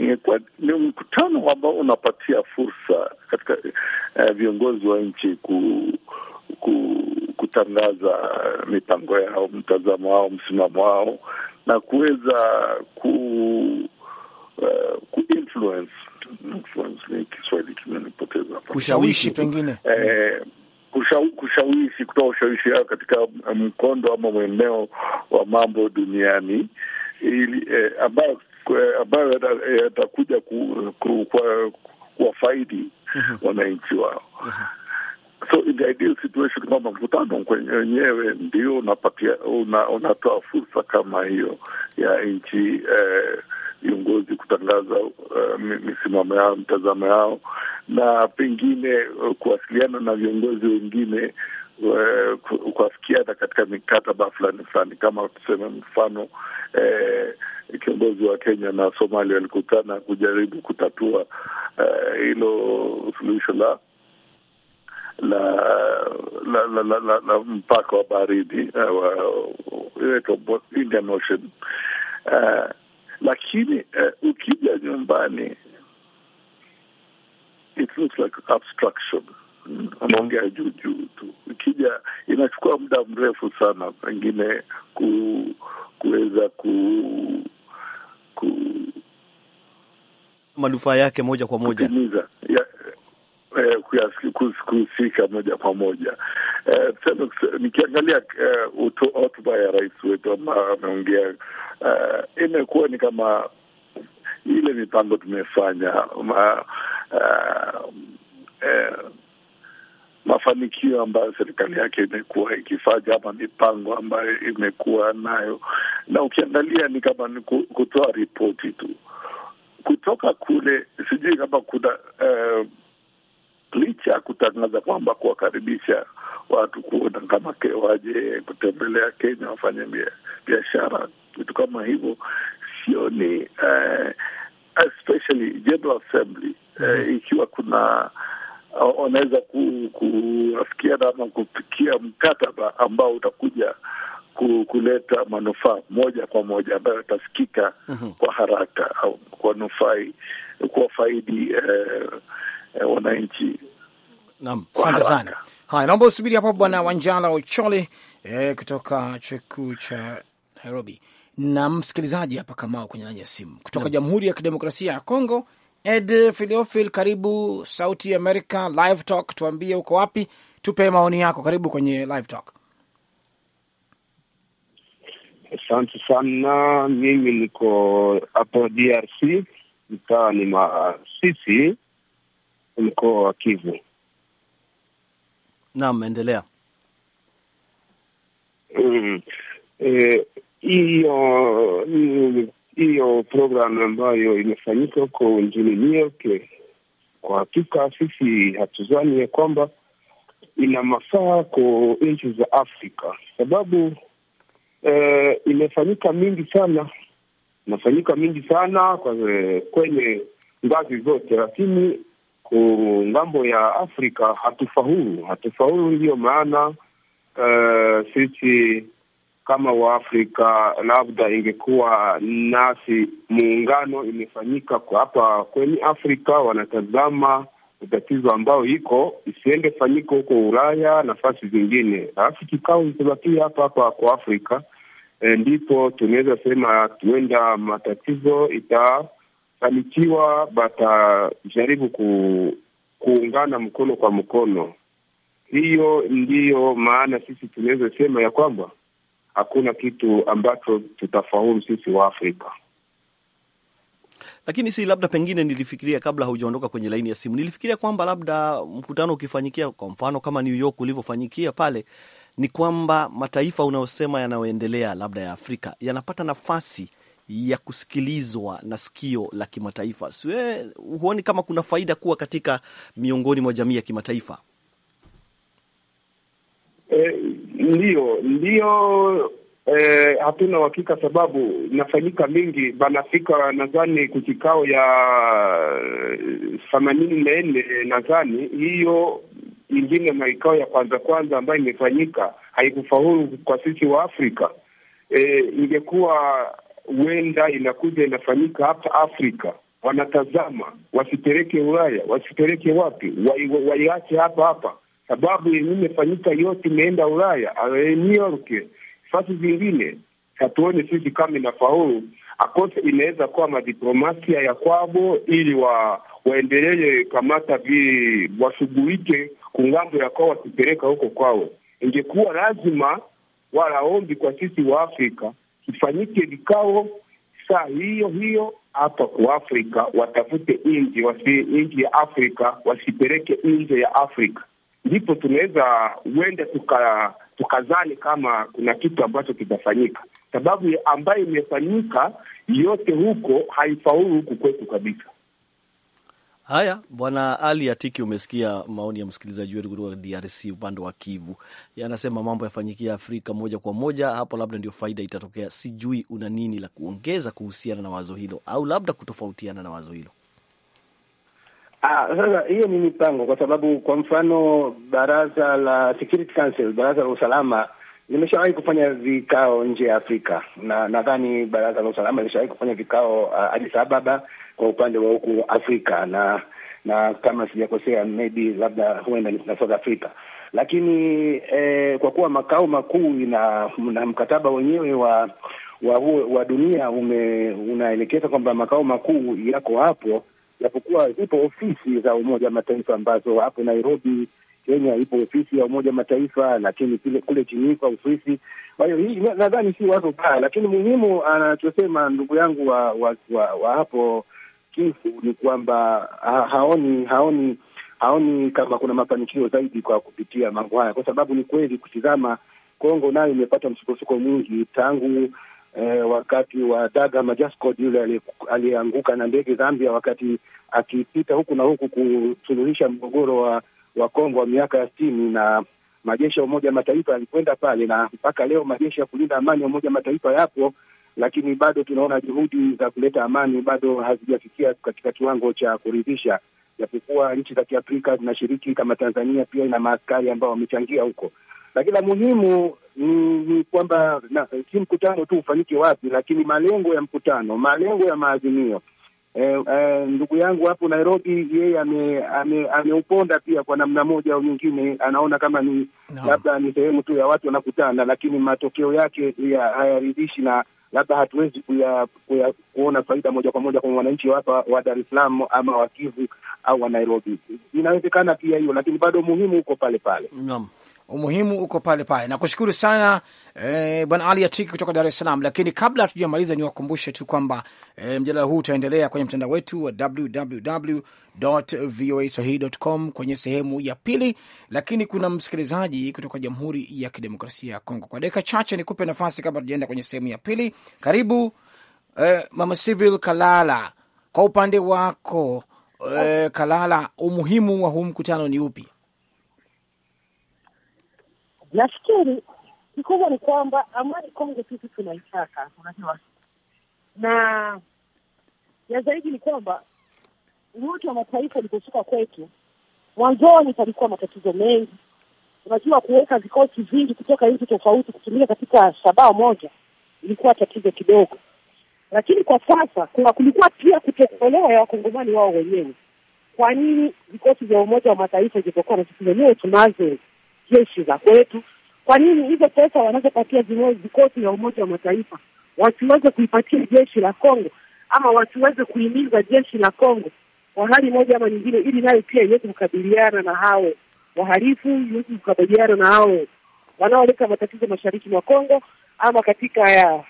ingekuwa ni mkutano ambao unapatia fursa katika eh, viongozi wa nchi ku, ku kutangaza mipango yao, mtazamo wao, msimamo wao na kuweza ku uh, eh, kuinfluence influence ni Kiswahili kimenipoteza, kushawishi pengine eh, kushawishi kutoa ushawishi yao katika eh, mkondo ama mweneo wa mambo duniani ili eh, ambayo eh, ambayo yatakuja kuwafaidi mhm. wananchi wao. Mhm. So in the ideal situation, kwamba mkutano wenyewe ndio unapatia una, unatoa fursa kama hiyo ya nchi eh, viongozi eh, kutangaza eh, misimamo yao, mtazamo yao, na pengine eh, kuwasiliana na viongozi wengine eh, kuafikiana katika mikataba fulani fulani, kama tuseme mfano eh, kiongozi wa Kenya na Somalia walikutana kujaribu kutatua eh, hilo eh, suluhisho la la la, la, la, la, la mpaka wa baridi eh, inaitwa uh, Indian Ocean uh, lakini uh, ukija nyumbani it looks like obstruction unaongea juu juu tu, Ukija inachukua muda mrefu sana, pengine ku, kuweza ku, ku manufaa yake moja kwa moja kutimiza Eh, kuhusika moja kwa moja eh, nikiangalia eh, hotuba ya rais wetu ambayo ameongea imekuwa ni kama ile mipango tumefanya ma, uh, eh, mafanikio ambayo serikali yake imekuwa ikifanya ama mipango ambayo imekuwa nayo, na ukiangalia ni kama ni kutoa ripoti tu kutoka kule. Sijui kama kuna uh, licha ya kutangaza kwamba kuwakaribisha watu kuona kama waje kutembelea Kenya wafanye biashara, vitu kama hivyo, sioni uh, eh, especially General Assembly uh, ikiwa kuna wanaweza ku, kuafikiana ama kufikia mkataba ambao utakuja ku, kuleta manufaa moja kwa moja ambayo atasikika mhm. kwa haraka au kuwanufaidi kuwafaidi eh, eh, wananchi. Naam, asante sana. Haya, naomba usubiri hapo Bwana Wanjala Ochole eh, kutoka chuo kikuu cha Nairobi. Na msikilizaji hapa Kamao kwenye laini ya simu kutoka Jamhuri ya Kidemokrasia ya Kongo, Ed Filiofil, karibu Sauti America Live Talk. Tuambie uko wapi, tupe maoni yako, karibu kwenye Live Talk. Asante sana, mimi niko hapo DRC, mtaa ni Masisi mkoa wa Kivu. Naam, endelea. Mm. Eh, hiyo mm, hiyo programu ambayo imefanyika huko nchini New York, kwa hakika sisi hatuzani ya kwamba ina mafaa kwa nchi za Afrika sababu eh, imefanyika mingi sana inafanyika mingi sana kwa kwenye ngazi zote, lakini ngambo ya Afrika hatufaulu, hatufaulu. Ndiyo maana uh, sisi kama Waafrika, labda ingekuwa nasi muungano imefanyika kwa hapa kwenye Afrika, wanatazama tatizo ambayo iko isiende fanyika huko Ulaya nafasi zingine, alafu kikao itabakia hapa hapa kwa Afrika, eh, ndipo tunaweza sema tuenda matatizo ita fanikiwa batajaribu ku, kuungana mkono kwa mkono. Hiyo ndiyo maana sisi tunaweza sema ya kwamba hakuna kitu ambacho tutafaulu sisi wa Afrika. Lakini si labda, pengine nilifikiria kabla haujaondoka kwenye laini ya simu, nilifikiria kwamba labda mkutano ukifanyikia kwa mfano kama New York ulivyofanyikia pale, ni kwamba mataifa unayosema yanayoendelea labda ya Afrika yanapata nafasi ya kusikilizwa na sikio la kimataifa. Siwe huoni kama kuna faida kuwa katika miongoni mwa jamii ya kimataifa? E, ndio E, hatuna uhakika sababu inafanyika mingi. Banafika nadhani kukikao ya eh, themanini na nne nadhani hiyo ingine maikao ya kwanza kwanza ambayo imefanyika haikufaulu kwa sisi wa Afrika. E, ingekuwa huenda inakuja inafanyika hapa Afrika. Wanatazama wasipeleke Ulaya, wasipeleke wapi, waiache wa, hapa hapa, sababu yenye imefanyika yote imeenda Ulaya, eh, New York, fasi zingine. Hatuone sisi kama inafaulu akose, inaweza kuwa madiplomasia ya kwabo, ili wa waendelee kamata vi washughulike kungambo ya kwao, wasipeleka huko kwao. Ingekuwa lazima wala ombi kwa sisi wa Afrika kifanyike vikao saa hiyo hiyo hapa kwa Afrika, watafute nje wasi nje ya Afrika, wasipeleke nje ya Afrika, ndipo tunaweza huenda tuka, tukazani kama kuna kitu ambacho kitafanyika, sababu ambayo imefanyika yote huko haifaulu huku kwetu kabisa. Haya, Bwana Ali Atiki, umesikia maoni ya msikilizaji wetu kutoka DRC upande wa Kivu. Yanasema mambo yafanyikia Afrika moja kwa moja hapo, labda ndio faida itatokea. Sijui una nini la kuongeza kuhusiana na wazo hilo, au labda kutofautiana na wazo hilo. Ah, sasa hiyo ni mipango, kwa sababu kwa mfano baraza la Security Council, baraza la usalama limeshawahi kufanya vikao nje ya Afrika, na nadhani baraza la usalama limeshawahi kufanya vikao uh, Addis Ababa kwa upande wa huku Afrika na na kama sijakosea, maybe labda huenda na South Africa, lakini eh, kwa kuwa makao makuu na, na mkataba wenyewe wa wa, wa dunia ume, unaelekeza kwamba makao makuu yako hapo, japokuwa zipo ofisi za Umoja wa Mataifa ambazo hapo Nairobi Kenya ipo ofisi ya Umoja Mataifa, lakini kule kule Jiniva Uswisi. Kwa hiyo hii nadhani si wazo baya, lakini muhimu anachosema ndugu yangu wa, wa, wa, wa hapo kivu ni kwamba ha, haoni haoni haoni kama kuna mafanikio zaidi kwa kupitia mambo haya, kwa sababu ni kweli kutizama Kongo nayo imepata msukosuko mwingi tangu eh, wakati wa Daga Majasco yule aliyeanguka na ndege Zambia wakati akipita huku na huku kusuluhisha mgogoro wa wa Kongo wa miaka ya sitini na majeshi ya Umoja Mataifa yalikwenda pale, na mpaka leo majeshi ya kulinda amani ya Umoja Mataifa yapo lakini bado tunaona juhudi za kuleta amani bado hazijafikia katika kiwango cha kuridhisha, japokuwa nchi za Kiafrika zinashiriki kama Tanzania pia ina maaskari ambao wamechangia huko, lakini la muhimu ni kwamba si mkutano tu ufanyike wapi, lakini malengo ya mkutano, malengo ya maazimio Eh, eh, ndugu yangu hapo Nairobi yeye ameuponda ame, ame pia kwa namna moja au nyingine, anaona kama ni no, labda ni sehemu tu ya watu wanakutana, lakini matokeo yake hayaridhishi na labda hatuwezi kuya, kuya, kuona faida moja kwa moja kwa wananchi hapa wa Dar es Salaam ama wa Kivu au wa Nairobi. Inawezekana pia hiyo, lakini bado umuhimu uko pale pale. Naam umuhimu uko pale pale. Nakushukuru sana e, bwana Ali Atiki kutoka Dar es Salaam. Lakini kabla hatujamaliza, niwakumbushe tu kwamba e, mjadala huu utaendelea kwenye mtandao wetu wa www.voaswahili.com kwenye sehemu ya pili. Lakini kuna msikilizaji kutoka Jamhuri ya Kidemokrasia ya Kongo. Kwa dakika chache nikupe nafasi kabla tujaenda kwenye sehemu ya pili. Karibu e, mama Civil Kalala, kwa upande wako e, Kalala, umuhimu wa huu mkutano ni upi? Nafikiri kikubwa ni kwamba amani Kongo sisi tunaitaka, unajua, na ya zaidi ni kwamba Umoja wa Mataifa uliposuka kwetu, mwanzoni palikuwa matatizo mengi. Unajua, kuweka vikosi vingi kutoka nchi tofauti kutumika katika shabaha moja ilikuwa tatizo kidogo, lakini kwa sasa kuna kulikuwa pia kutokuelewa ya wakongomani wao wenyewe, kwa nini vikosi vya Umoja wa Mataifa ilipokuwa na sisi wenyewe tunazo jeshi za kwetu. Kwa nini hizo pesa wanazopatia vikosi vya Umoja wa Mataifa wasiweze kuipatia jeshi la Kongo ama wasiweze kuimiza jeshi la Kongo kwa hali moja ama nyingine, ili nayo pia iweze kukabiliana na hao wahalifu, iweze kukabiliana na hao wanaoleta matatizo mashariki mwa Kongo ama katika ya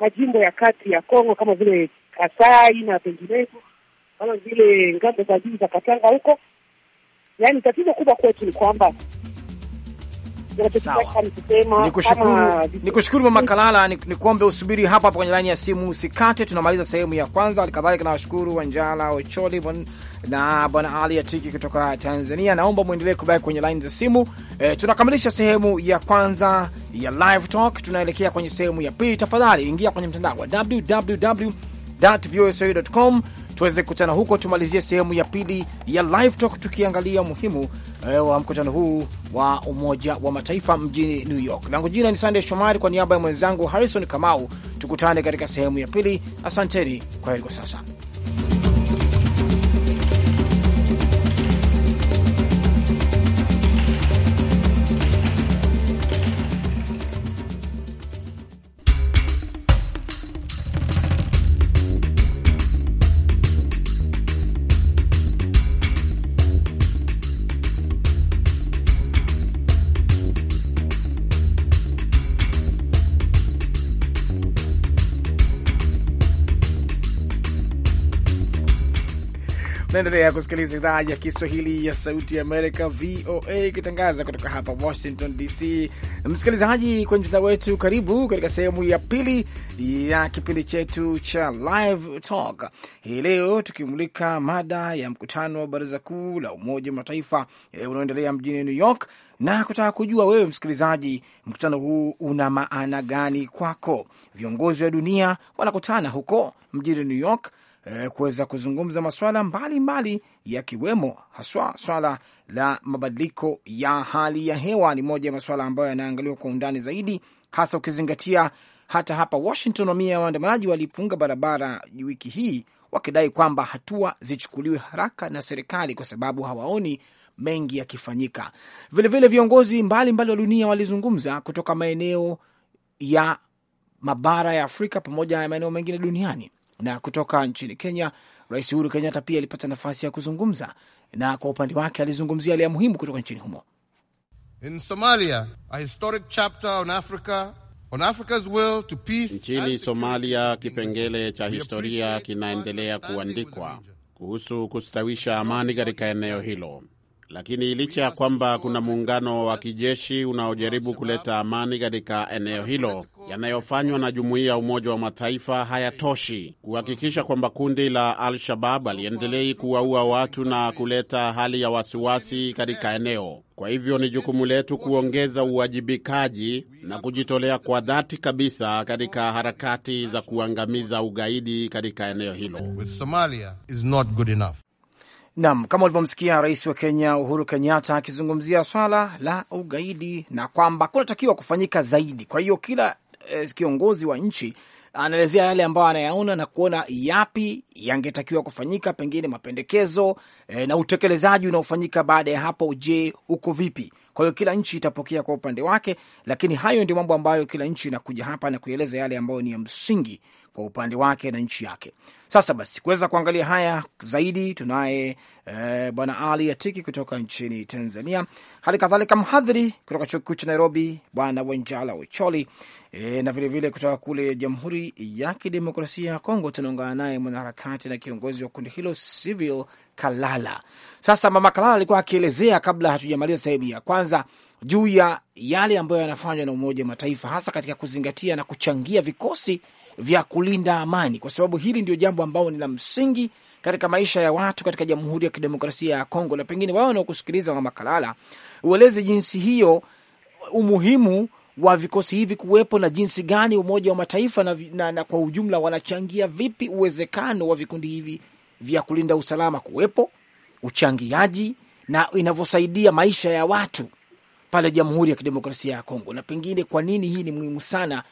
majimbo ya kati ya Kongo kama vile Kasai na penginepo kama vile ngambo za juu za Katanga huko. Yaani tatizo kubwa kwetu ni kwamba ni kushukuru Mama Kalala, ni kuombe usubiri hapa hapa kwenye laini ya simu, usikate. Tunamaliza sehemu ya kwanza. Halikadhalika nawashukuru Wanjala Ocholi na Bwana Ali Atiki kutoka Tanzania. Naomba mwendelee kubaki kwenye laini za simu. E, tunakamilisha sehemu ya kwanza ya Live Talk, tunaelekea kwenye sehemu ya pili. Tafadhali ingia kwenye mtandao wa www voaswahili.com tuweze kukutana huko, tumalizie sehemu ya pili ya live talk tukiangalia umuhimu eh, wa mkutano huu wa Umoja wa Mataifa mjini New York. Langu jina ni Sandey Shomari, kwa niaba ya mwenzangu Harrison Kamau. Tukutane katika sehemu ya pili. Asanteni, kwa heri kwa sasa. Naendelea kusikiliza idhaa ya Kiswahili ya Sauti ya Amerika, VOA, ikitangaza kutoka hapa Washington DC. Msikilizaji kwenye mtandao wetu, karibu katika sehemu ya pili ya kipindi chetu cha Live Talk hii leo, tukimulika mada ya mkutano wa Baraza Kuu la Umoja wa Mataifa e, unaoendelea mjini New York na kutaka kujua wewe msikilizaji, mkutano huu una maana gani kwako? Viongozi wa dunia wanakutana huko mjini New York eh, kuweza kuzungumza masuala mbalimbali yakiwemo haswa swala la mabadiliko ya hali ya hewa. Ni moja ya masuala ambayo yanaangaliwa kwa undani zaidi, hasa ukizingatia hata hapa Washington mamia ya waandamanaji walifunga barabara wiki hii wakidai kwamba hatua zichukuliwe haraka na serikali kwa sababu hawaoni mengi yakifanyika. Vilevile viongozi mbalimbali wa dunia walizungumza kutoka maeneo ya mabara ya Afrika pamoja na maeneo mengine duniani na kutoka nchini Kenya, Rais Uhuru Kenyatta pia alipata nafasi ya kuzungumza, na kwa upande wake alizungumzia yale ya muhimu kutoka nchini humo. In Somalia, a historic chapter on Africa On Africa's will to peace. Nchini Somalia kipengele cha historia kinaendelea kuandikwa kuhusu kustawisha amani katika eneo hilo. Lakini licha ya kwamba kuna muungano wa kijeshi unaojaribu kuleta amani katika eneo hilo, yanayofanywa na jumuiya ya Umoja wa Mataifa hayatoshi kuhakikisha kwamba kundi la Al-Shabab aliendelei kuwaua watu na kuleta hali ya wasiwasi katika eneo. Kwa hivyo ni jukumu letu kuongeza uwajibikaji na kujitolea kwa dhati kabisa katika harakati za kuangamiza ugaidi katika eneo hilo. With Somalia is not good enough. Naam, kama ulivyomsikia Rais wa Kenya Uhuru Kenyatta akizungumzia swala la ugaidi na kwamba kunatakiwa kufanyika zaidi. Kwa hiyo kila eh, kiongozi wa nchi anaelezea yale ambayo anayaona na kuona yapi yangetakiwa kufanyika, pengine mapendekezo e, na utekelezaji unaofanyika baada ya hapo, je, uko vipi? Kwa hiyo kila nchi itapokea kwa upande wake, lakini hayo ndio mambo ambayo kila nchi inakuja hapa na kueleza yale ambayo ni ya msingi kwa upande wake na nchi yake. Sasa basi, kuweza kuangalia haya zaidi, tunaye e, bwana Ali Atiki kutoka nchini Tanzania, hali kadhalika mhadhiri kutoka chuo kikuu cha Nairobi, bwana Wenjala Wecholi E, na vilevile kutoka kule Jamhuri ya Kidemokrasia ya Kongo tunaungana naye mwanaharakati na kiongozi wa kundi hilo Civil Kalala. Sasa Mama Kalala alikuwa akielezea kabla hatujamaliza sehemu ya kwanza juu ya yale ambayo yanafanywa na Umoja wa Mataifa hasa katika kuzingatia na kuchangia vikosi vya kulinda amani, kwa sababu hili ndio jambo ambao ni la msingi katika maisha ya watu katika Jamhuri ya Kidemokrasia ya Kongo. Na pengine wao wanaokusikiliza Mama Kalala, ueleze jinsi hiyo umuhimu wa vikosi hivi kuwepo na jinsi gani Umoja wa Mataifa na, na, na kwa ujumla wanachangia vipi uwezekano wa vikundi hivi vya kulinda usalama kuwepo, uchangiaji na inavyosaidia maisha ya watu pale Jamhuri ya Kidemokrasia ya Kongo, na pengine kwa nini hii ni muhimu sana,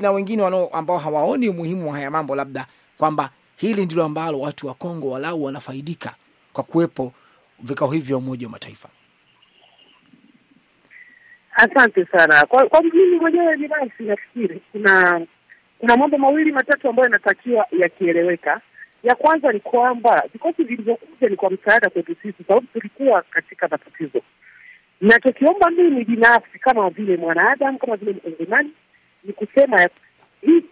na wengine wano, ambao hawaoni umuhimu wa haya mambo, labda kwamba hili ndilo ambalo watu wa Kongo walau wanafaidika kwa kuwepo vikao hivi vya Umoja wa Mataifa. Asante sana. Kwa, kwa mimi mwenyewe binafsi nafikiri kuna kuna mambo mawili matatu ambayo yanatakiwa yakieleweka. Ya kwanza ni kwamba vikosi vilivyokuja ni kwa msaada kwetu sisi, sababu tulikuwa katika matatizo, na tukiomba mimi binafsi kama vile mwanadamu, kama vile mungumani ni kusema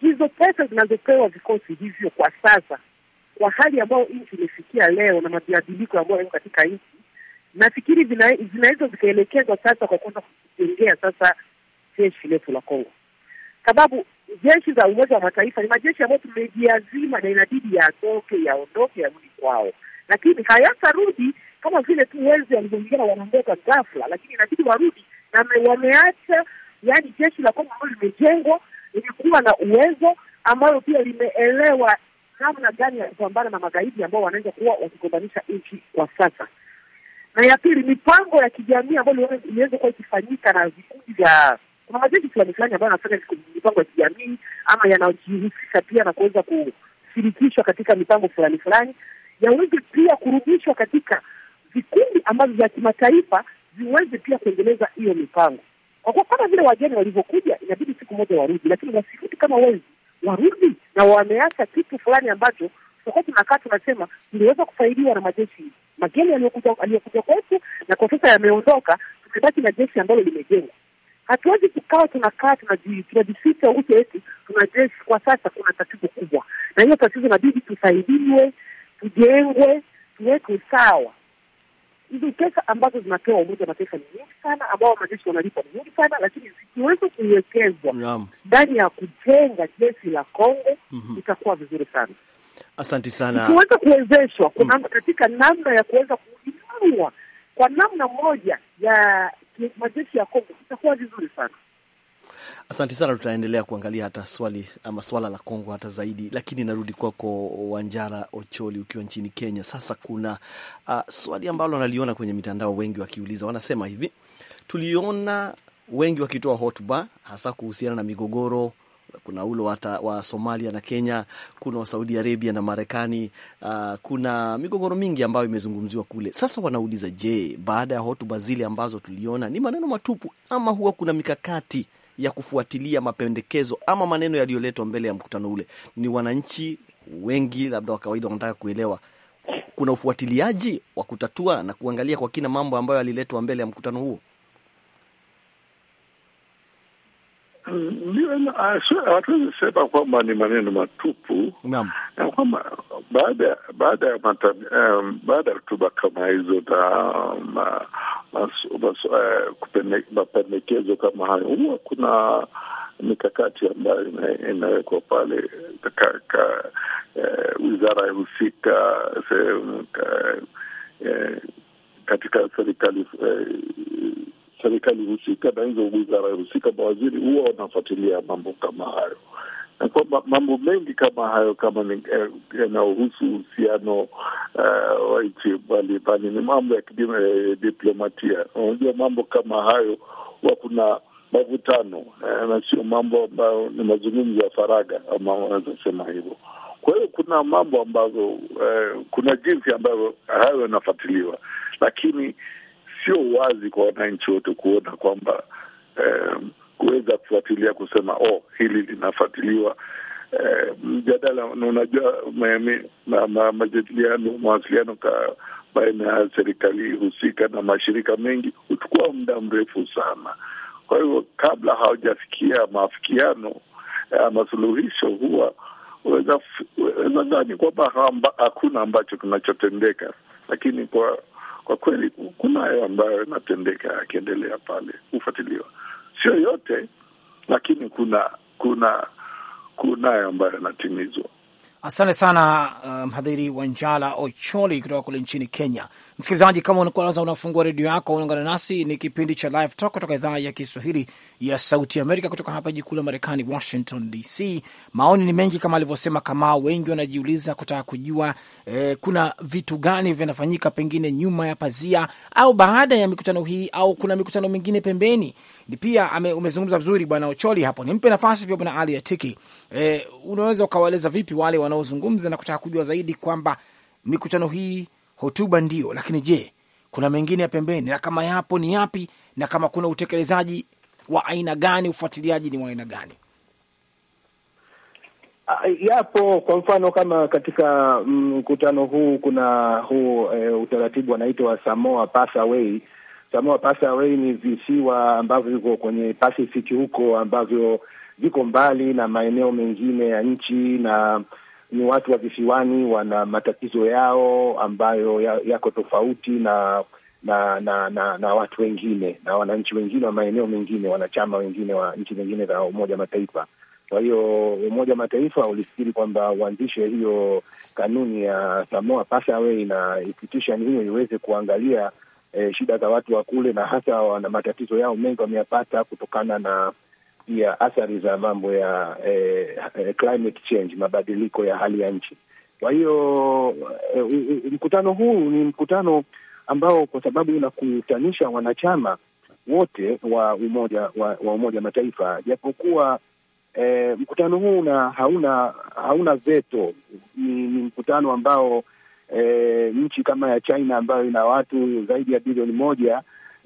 hizo pesa zinazopewa vikosi hivyo kwa sasa, kwa hali ambayo nchi imefikia leo na mabadiliko ambayo yako katika nchi nafikiri zinaweza zikaelekezwa sasa kwa kwenda kujengea sasa jeshi letu la Kongo, sababu jeshi za Umoja wa Mataifa ni majeshi ambayo tumejiazima na inabidi yatoke, yaondoke, yarudi kwao, lakini hayatarudi kama vile tu wezi walivyoingia wanaondoka ghafla, lakini inabidi warudi na wameacha. Yani jeshi la Kongo ambayo limejengwa limekuwa na uwezo ambayo pia limeelewa namna gani ya kupambana na magaidi ambao wanaweza kuwa wakigombanisha nchi kwa sasa na ya pili, mipango ya kijamii ambayo iliweza kuwa ikifanyika na vikundi vya kuna majeshi fulani fulani ambayo anafanya mipango ya kijamii ama yanajihusisha pia na kuweza kushirikishwa katika mipango fulani fulani, yaweze pia kurudishwa katika vikundi ambavyo vya kimataifa viweze pia kuendeleza hiyo mipango, kwa kuwa kama vile wageni walivyokuja, inabidi siku moja warudi, lakini wasirudi kama wezi, warudi na wameacha kitu fulani ambacho tulikuwa tunakaa tunasema tuliweza kusaidiwa na majeshi mageni aliyokuja aliyokuja kwetu, na kwa sasa yameondoka, tumebaki na jeshi ambalo limejengwa. Hatuwezi kukaa tunakaa tunajificha huku eti tuna jeshi. Kwa sasa kuna tatizo kubwa, na hiyo tatizo inabidi tusaidiwe, tujengwe, tuwekwe sawa. Hizi pesa ambazo zinapewa Umoja wa Mataifa ni nyingi sana, ambao majeshi wanalipwa ni nyingi sana, lakini zikiweza kuwekezwa ndani ya kujenga jeshi la Kongo mhm. itakuwa mm -hmm. vizuri sana. Asante sana. Kuweza kuwezeshwa mm, katika namna ya kuweza kuinua kwa namna moja ya majeshi ya Kongo itakuwa vizuri sana. Asante sana, tutaendelea kuangalia hata swali ama swala la Kongo hata zaidi, lakini narudi kwako Wanjara Ocholi ukiwa nchini Kenya. Sasa kuna uh, swali ambalo naliona kwenye mitandao, wengi wakiuliza, wanasema hivi, tuliona wengi wakitoa hotuba hasa kuhusiana na migogoro kuna ulo wata, wa Somalia na Kenya, kuna wa Saudi Arabia na Marekani. Uh, kuna migogoro mingi ambayo imezungumziwa kule. Sasa wanauliza, je, baada ya hotuba zile ambazo tuliona ni maneno matupu, ama huwa kuna mikakati ya kufuatilia mapendekezo ama maneno yaliyoletwa mbele ya mkutano ule? Ni wananchi wengi labda wa kawaida wanataka kuelewa kuna ufuatiliaji wa kutatua na kuangalia kwa kina mambo ambayo yaliletwa mbele ya mkutano huo. hatuwezi sema kwamba ni ah, ah, maneno matupu Naam. na ah, kwamba baada baada ya um, baada ya hotuba kama hizo na eh, mapendekezo kama hayo, huwa kuna mikakati ambayo inawekwa pale eh, wizara ya husika sehemu eh, katika serikali eh, serikali husika na hizo wizara husika, mawaziri huwa wanafuatilia mambo kama hayo, na kwamba mambo mengi kama hayo kama eh, yanayohusu eh, uhusiano uh, wa nchi mbalimbali ni mambo ya kidiplomatia. Eh, Unajua, mambo kama hayo huwa kuna mavutano eh, na sio mambo ambayo ni mazungumzo ya faraga ama wanaweza sema hivyo. Kwa hiyo kuna mambo ambazo eh, kuna jinsi ambayo hayo yanafuatiliwa, lakini sio wazi kwa wananchi wote kuona kwamba eh, kuweza kufuatilia kusema oh, hili linafuatiliwa. Eh, mjadala unajua, majadiliano, mawasiliano baina ya serikali husika na mashirika mengi huchukua muda mrefu sana. Kwa hivyo kabla hawajafikia maafikiano ya eh, masuluhisho huwa nadhani kwamba hakuna ambacho kinachotendeka, lakini kwa kwa kweli kunayo ambayo inatendeka yakiendelea pale, hufuatiliwa, sio yote, lakini kuna kuna kunayo ambayo yanatimizwa. Asante sana uh, mhadhiri wa Njala Ocholi kutoka kule nchini Kenya. Msikilizaji, kama unakuanza unafungua redio yako, unaungana nasi, ni kipindi cha Live Talk kutoka idhaa ya Kiswahili ya Sauti Amerika, kutoka hapa jiji kuu la Marekani, Washington DC. Maoni ni mengi kama alivyosema Kamao, wengi wanajiuliza kutaka kujua eh, kuna vitu gani vinafanyika pengine nyuma ya pazia au baada ya mikutano hii au kuna mikutano mingine pembeni. Ni pia ame, umezungumza vizuri bwana Ocholi hapo. Nimpe nafasi pia bwana Ali Atiki, eh, unaweza ukawaeleza vipi wale wana wanaozungumza na kutaka kujua zaidi kwamba mikutano hii, hotuba ndio, lakini je, kuna mengine ya pembeni, na kama yapo ni yapi, na kama kuna utekelezaji wa aina gani, ufuatiliaji ni wa aina gani? Ah, yapo. Kwa mfano kama katika mm, mkutano mm, huu kuna huu e, utaratibu wanaitwa Samoa Passaway. Samoa Passaway ni visiwa ambavyo viko kwenye Pacific huko ambavyo viko mbali na maeneo mengine ya nchi na ni watu wa visiwani, wana matatizo yao ambayo yako tofauti na na na na na watu wengine na wananchi wengine wa maeneo mengine, wanachama wengine wa nchi zingine za Umoja wa Mataifa. Kwa hiyo Umoja wa Mataifa ulifikiri kwamba uanzishe hiyo kanuni ya Samoa Passaway na institution hiyo iweze kuangalia eh, shida za watu wa kule, na hasa wana matatizo yao mengi wameyapata kutokana na ya athari za mambo ya eh, eh, climate change, mabadiliko ya hali ya nchi. Kwa hiyo eh, mkutano huu ni mkutano ambao kwa sababu unakutanisha wanachama wote wa umoja wa, wa Umoja Mataifa, japokuwa eh, mkutano huu na hauna hauna veto. Ni, ni mkutano ambao eh, nchi kama ya China ambayo ina watu zaidi ya bilioni moja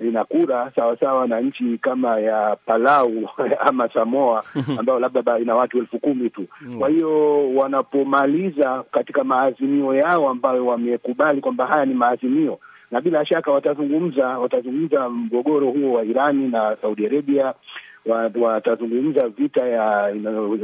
ina kura sawasawa na nchi kama ya Palau (laughs) ama Samoa (laughs) ambayo labda ina watu elfu kumi tu. Mm. Kwa hiyo wanapomaliza katika maazimio yao ambayo wamekubali kwamba haya ni maazimio, na bila shaka watazungumza watazungumza mgogoro huo wa Irani na Saudi Arabia watazungumza vita ya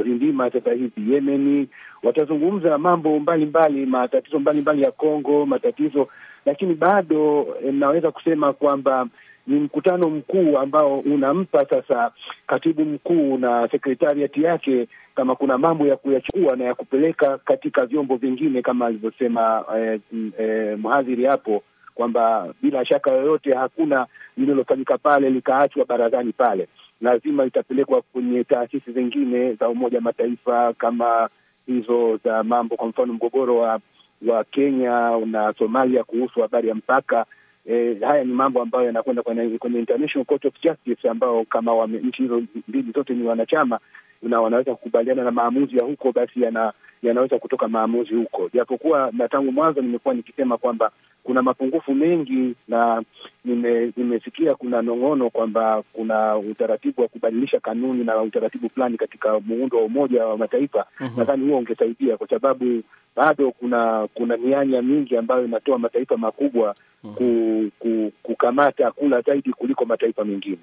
rindima sasa hivi Yemeni, watazungumza mambo mbalimbali mbali, matatizo mbalimbali mbali ya Kongo matatizo, lakini bado eh, naweza kusema kwamba ni mkutano mkuu ambao unampa sasa katibu mkuu na sekretariati yake kama kuna mambo ya kuyachukua na ya kupeleka katika vyombo vingine kama alivyosema eh, eh, mhadhiri hapo kwamba bila shaka yoyote hakuna linalofanyika pale likaachwa barazani pale, lazima itapelekwa kwenye taasisi zingine za Umoja Mataifa kama hizo za mambo, kwa mfano mgogoro wa wa Kenya na Somalia kuhusu habari ya mpaka eh, haya ni mambo ambayo yanakwenda kwenye, kwenye International Court of Justice ambao kama wame, nchi hizo mbili zote ni wanachama na wanaweza kukubaliana na maamuzi ya huko, basi yana, yanaweza kutoka maamuzi huko, japokuwa na tangu mwanzo nimekuwa nikisema kwamba kuna mapungufu mengi, na nime, nimesikia kuna nong'ono kwamba kuna utaratibu wa kubadilisha kanuni na utaratibu fulani katika muundo wa Umoja wa Mataifa. Mhm. Nadhani huo ungesaidia kwa sababu bado kuna kuna mianya mingi ambayo inatoa mataifa makubwa mhm. ku, ku, kukamata kula zaidi kuliko mataifa mengine.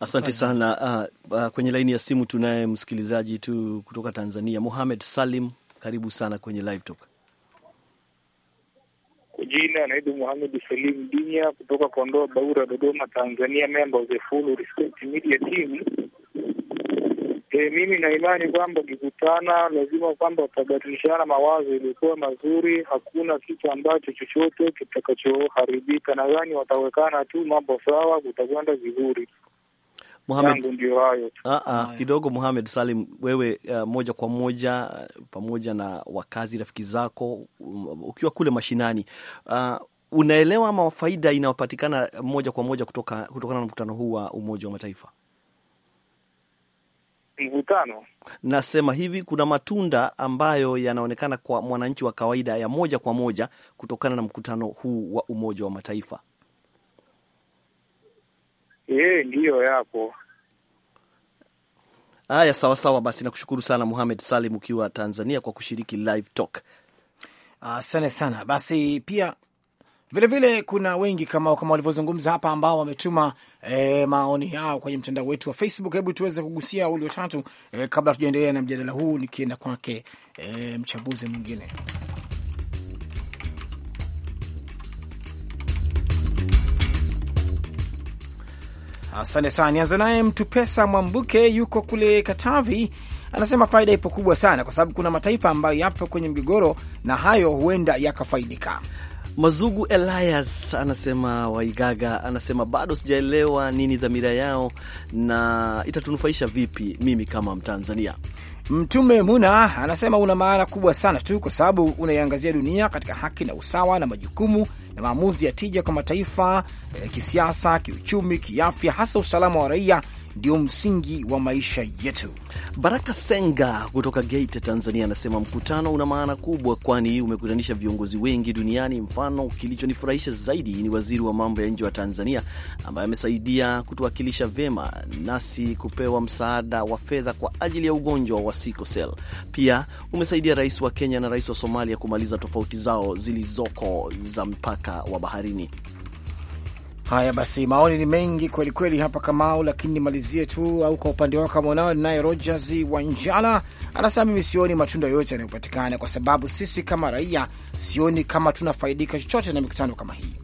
Asante sana. Uh, uh, kwenye laini ya simu tunaye msikilizaji tu kutoka Tanzania, muhamed Salim, karibu sana kwenye Live Talk. Jina anaitwa Muhamed Salim Dinya kutoka Kondoa Baura, Dodoma, Tanzania, memba of full respect media team. E, mimi na imani kwamba wakikutana lazima kwamba watabadilishana mawazo yaliyokuwa mazuri. Hakuna kitu ambacho chochote kitakachoharibika. Nadhani watawekana tu mambo sawa, kutakwenda vizuri. Muhammad, ndio hayo ah, ah, kidogo. Muhammad Salim, wewe uh, moja kwa moja pamoja na wakazi rafiki zako um, ukiwa kule mashinani uh, unaelewa ama faida inayopatikana moja kwa moja kutoka, kutokana na mkutano huu wa Umoja wa Mataifa? Mkutano nasema hivi, kuna matunda ambayo yanaonekana kwa mwananchi wa kawaida ya moja kwa moja kutokana na mkutano huu wa Umoja wa Mataifa. Ee, ndiyo yapo. Haya, sawa sawa, basi nakushukuru sana Muhamed Salim ukiwa Tanzania kwa kushiriki live talk. Asante sana. Basi pia vilevile vile kuna wengi kama kama walivyozungumza hapa ambao wametuma e, maoni yao kwenye mtandao wetu wa Facebook. Hebu tuweze kugusia ulio watatu e, eh, kabla tujaendelea na mjadala huu, nikienda kwake e, mchambuzi mwingine Asante sana. nianze naye mtu pesa Mwambuke yuko kule Katavi, anasema faida ipo kubwa sana, kwa sababu kuna mataifa ambayo yapo kwenye mgogoro na hayo huenda yakafaidika. Mazugu Elias anasema Waigaga anasema bado sijaelewa nini dhamira yao na itatunufaisha vipi mimi kama Mtanzania. Mtume Muna anasema una maana kubwa sana tu, kwa sababu unaiangazia dunia katika haki na usawa na majukumu na maamuzi ya tija kwa mataifa, eh, kisiasa, kiuchumi, kiafya, hasa usalama wa raia ndio msingi wa maisha yetu. Baraka Senga kutoka Geita, Tanzania, anasema mkutano una maana kubwa, kwani umekutanisha viongozi wengi duniani. Mfano, kilichonifurahisha zaidi ni waziri wa mambo ya nje wa Tanzania ambaye amesaidia kutuwakilisha vyema, nasi kupewa msaada wa fedha kwa ajili ya ugonjwa wa sickle cell. Pia umesaidia rais wa Kenya na rais wa Somalia kumaliza tofauti zao zilizoko za mpaka wa baharini. Haya basi, maoni ni mengi kweli kweli hapa Kamau, lakini nimalizie tu au kwa upande wako kama unao. Ninaye Rogers Wanjala anasema mimi sioni matunda yoyote yanayopatikana, kwa sababu sisi kama raia sioni kama tunafaidika chochote na mikutano kama hii.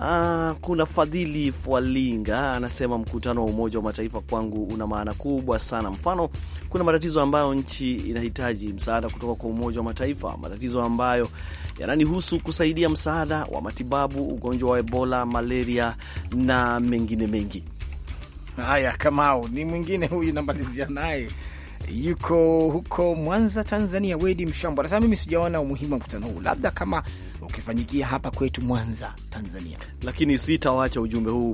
Ah, kuna Fadhili Fwalinga anasema mkutano wa Umoja wa Mataifa kwangu una maana kubwa sana. Mfano, kuna matatizo ambayo nchi inahitaji msaada kutoka kwa Umoja wa Mataifa, matatizo ambayo yananihusu kusaidia msaada wa matibabu, ugonjwa wa Ebola, malaria na mengine mengi. Haya, Kamau ni mwingine huyu, namalizia naye yuko huko Mwanza, Tanzania. Wedi Mshambo anasema mimi sijaona umuhimu wa mkutano huu, labda kama ukifanyikia hapa kwetu Mwanza, Tanzania. Lakini sitawacha ujumbe huu,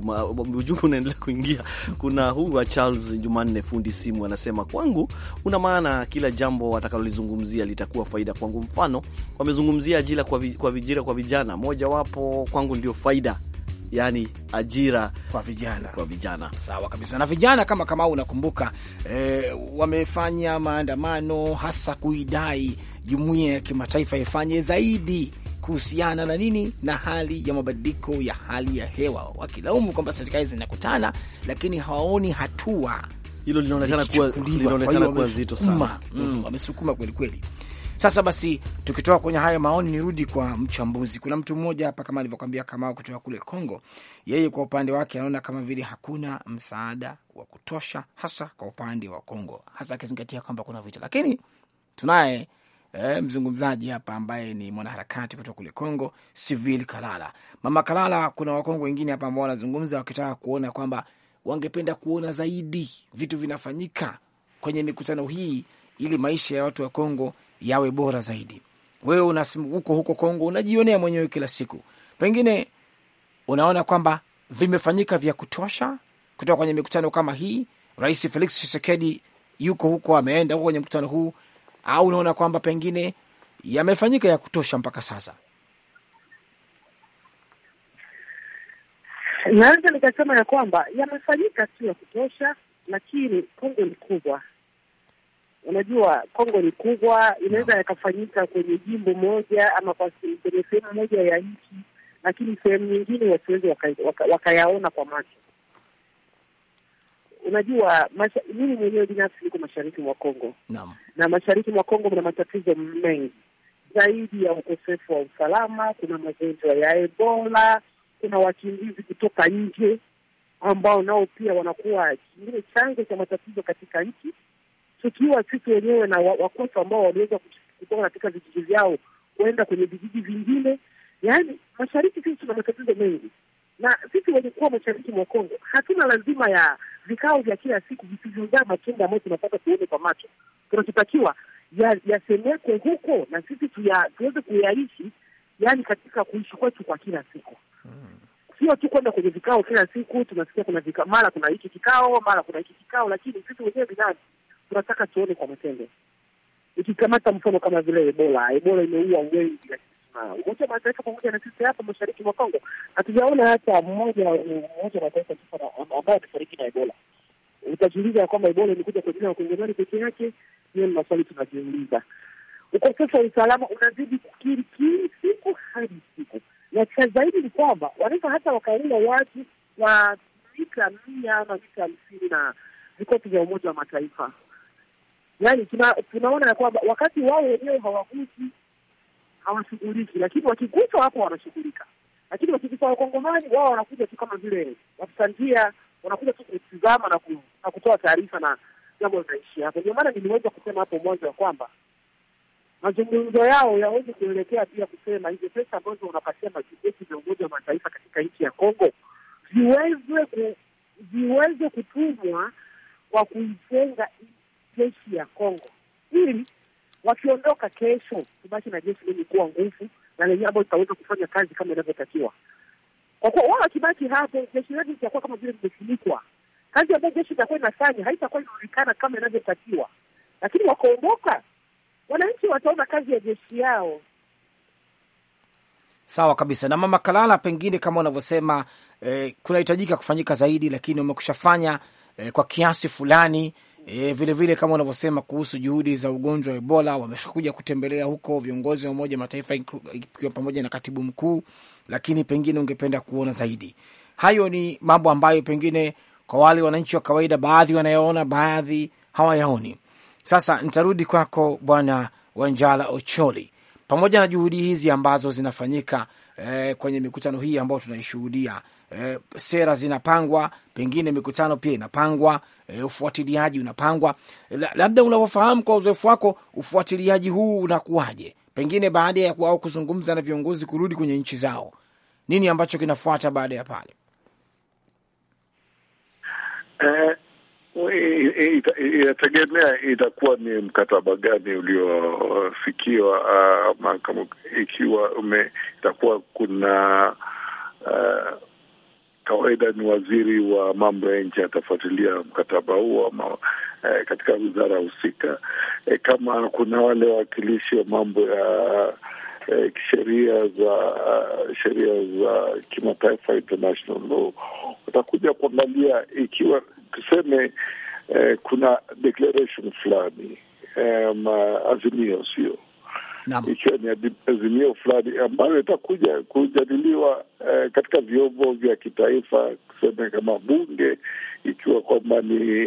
ujumbe unaendelea kuingia. Kuna huu wa Charles Jumanne, fundi simu, anasema kwangu una maana kila jambo watakalolizungumzia litakuwa faida kwangu. Mfano wamezungumzia ajira kwa vijira kwa vijana, mojawapo kwangu ndio faida Yani ajira kwa vijana, kwa vijana. Sawa kabisa na vijana kama kama unakumbuka e, wamefanya maandamano hasa kuidai jumuiya ya kimataifa ifanye zaidi kuhusiana na nini na hali ya mabadiliko ya hali ya hewa, wakilaumu kwamba serikali zinakutana lakini hawaoni hatua. Hilo linaonekana kuwa linaonekana kuwa zito sana, mm, mm. wamesukuma kweli kweli. Sasa basi, tukitoka kwenye hayo maoni, nirudi kwa mchambuzi. Kuna mtu mmoja hapa, kama alivyokwambia Kamao kutoka kule Kongo, yeye kwa upande wake anaona kama vile hakuna msaada wa kutosha, hasa kwa upande wa Kongo, hasa akizingatia kwamba kuna vita. Lakini tunaye eh, mzungumzaji hapa ambaye ni mwanaharakati kutoka kule Kongo, Civil Kalala. Mama Kalala, kuna Wakongo wengine hapa ambao wanazungumza wakitaka kuona kwamba wangependa kuona zaidi vitu vinafanyika kwenye mikutano hii ili maisha ya watu wa Kongo yawe bora zaidi. Wewe unasimu, huko huko Kongo unajionea mwenyewe kila siku, pengine unaona kwamba vimefanyika vya kutosha kutoka kwenye mikutano kama hii. Rais Felix Tshisekedi yuko huko, ameenda huko kwenye mkutano huu, au unaona kwamba pengine yamefanyika ya kutosha mpaka sasa? Naweza nikasema ya kwamba yamefanyika sio ya kutosha, lakini Kongo ni kubwa. Unajua, Kongo ni kubwa, inaweza yakafanyika kwenye jimbo moja ama kwenye sehemu moja ya nchi, lakini sehemu nyingine wasiwezi wakayaona waka, waka kwa macho Unajua mimi mwenyewe binafsi niko mashariki mwa Kongo na mashariki mwa Kongo mna matatizo mengi zaidi ya ukosefu wa usalama. Kuna magonjwa ya Ebola, kuna wakimbizi kutoka nje ambao nao pia wanakuwa kingine chanzo cha matatizo katika nchi, tukiwa sisi wenyewe na wakosa ambao waliweza kutoka katika vijiji vyao kuenda kwenye vijiji vingine. Yaani mashariki sisi tuna matatizo mengi na sisi wenye kuwa mashariki mwa Kongo hatuna lazima ya vikao vya kila siku visivyojaa matunda ambayo tunapata tuone kwa macho. Tunachotakiwa yasemekwe ya huko na sisi tuweze kuyaishi, yani katika kuishi kwetu kwa kila siku hmm. Sio tu kwenda kwenye vikao kila siku, tunasikia kuna vika, mara kuna hiki kikao, mara kuna hiki kikao, lakini sisi wenyewe binafsi tunataka tuone kwa matendo. Ikikamata mfano kama vile Ebola, Ebola imeua wengi, lakini Ah, Umoja wa Mataifa pamoja na sisi hapa mashariki mwa Kongo hatujaona hata mmoja wa Umoja wa Mataifa ambaye amefariki na Ebola. Utajiuliza ya kwamba Ebola imekuja kwa ajili ya wakongomani peke yake? Hiyo ni maswali tunajiuliza. Ukosefu wa usalama unazidi kukiri kili siku hadi siku, na cha zaidi ni kwamba wanaweza hata wakaua watu wa mita mia ama mita hamsini na vikosi vya Umoja wa Mataifa. Yaani tunaona ya kwamba wakati wao wenyewe hawaguzi hawashughuliki, lakini wakikutwa hapo wanashughulika. Lakini wakikutwa wakongomani wao wanakuja tu kama vile wakusanjia, wanakuja tu kutizama na, ku, na kutoa taarifa na jambo linaishia hapo. Ndio maana niliweza kusema hapo mwanzo ya kwamba mazungumzo yao yaweze kuelekea pia kusema hizo pesa ambazo unapatia majeshi za Umoja wa Mataifa katika nchi ya Kongo ziweze ku, ziweze kutumwa kwa kuijenga jeshi ya Kongo ili Wakiondoka kesho, tubaki na jeshi lenye kuwa nguvu na lenye ambayo itaweza kufanya kazi kama inavyotakiwa, kwa kuwa wao wakibaki hapo, jeshi letu litakuwa kama vile limefunikwa. Kazi ambayo jeshi itakuwa inafanya haitakuwa inaonekana kama inavyotakiwa, lakini wakaondoka, wananchi wataona kazi ya jeshi yao. Sawa kabisa. Na Mama Kalala, pengine kama unavyosema, eh, kunahitajika kufanyika zaidi, lakini umekushafanya eh, kwa kiasi fulani E, vile vile kama unavyosema kuhusu juhudi za ugonjwa wa Ebola, wameshakuja kutembelea huko viongozi wa Umoja Mataifa ikiwa pamoja na katibu mkuu, lakini pengine ungependa kuona zaidi. Hayo ni mambo ambayo pengine kwa wale wananchi wa kawaida, baadhi wanayaona, baadhi hawayaoni. Sasa nitarudi kwako Bwana Wanjala Ocholi, pamoja na juhudi hizi ambazo zinafanyika eh, kwenye mikutano hii ambayo tunaishuhudia eh, sera zinapangwa, pengine mikutano pia inapangwa, eh, ufuatiliaji unapangwa. Labda unavyofahamu kwa uzoefu wako, ufuatiliaji huu unakuwaje? Pengine baada ya kuwao kuzungumza na viongozi kurudi kwenye nchi zao, nini ambacho kinafuata baada ya pale? Uh, itakuwa ni mkataba gani uliofikiwa. Uh, mahakama ikiwa ume, itakuwa kuna uh, kawaida ni waziri wa mambo ya nje atafuatilia mkataba huo ama eh, katika wizara husika eh, kama kuna wale wawakilishi wa mambo ya eh, sheria za uh, sheria za kimataifa international law watakuja kuangalia ikiwa tuseme eh, kuna declaration fulani eh, azimio sio ikiwa ni azimio fulani ambayo itakuja kujadiliwa eh, katika vyombo vya kitaifa, kuseme kama bunge, ikiwa kwamba ni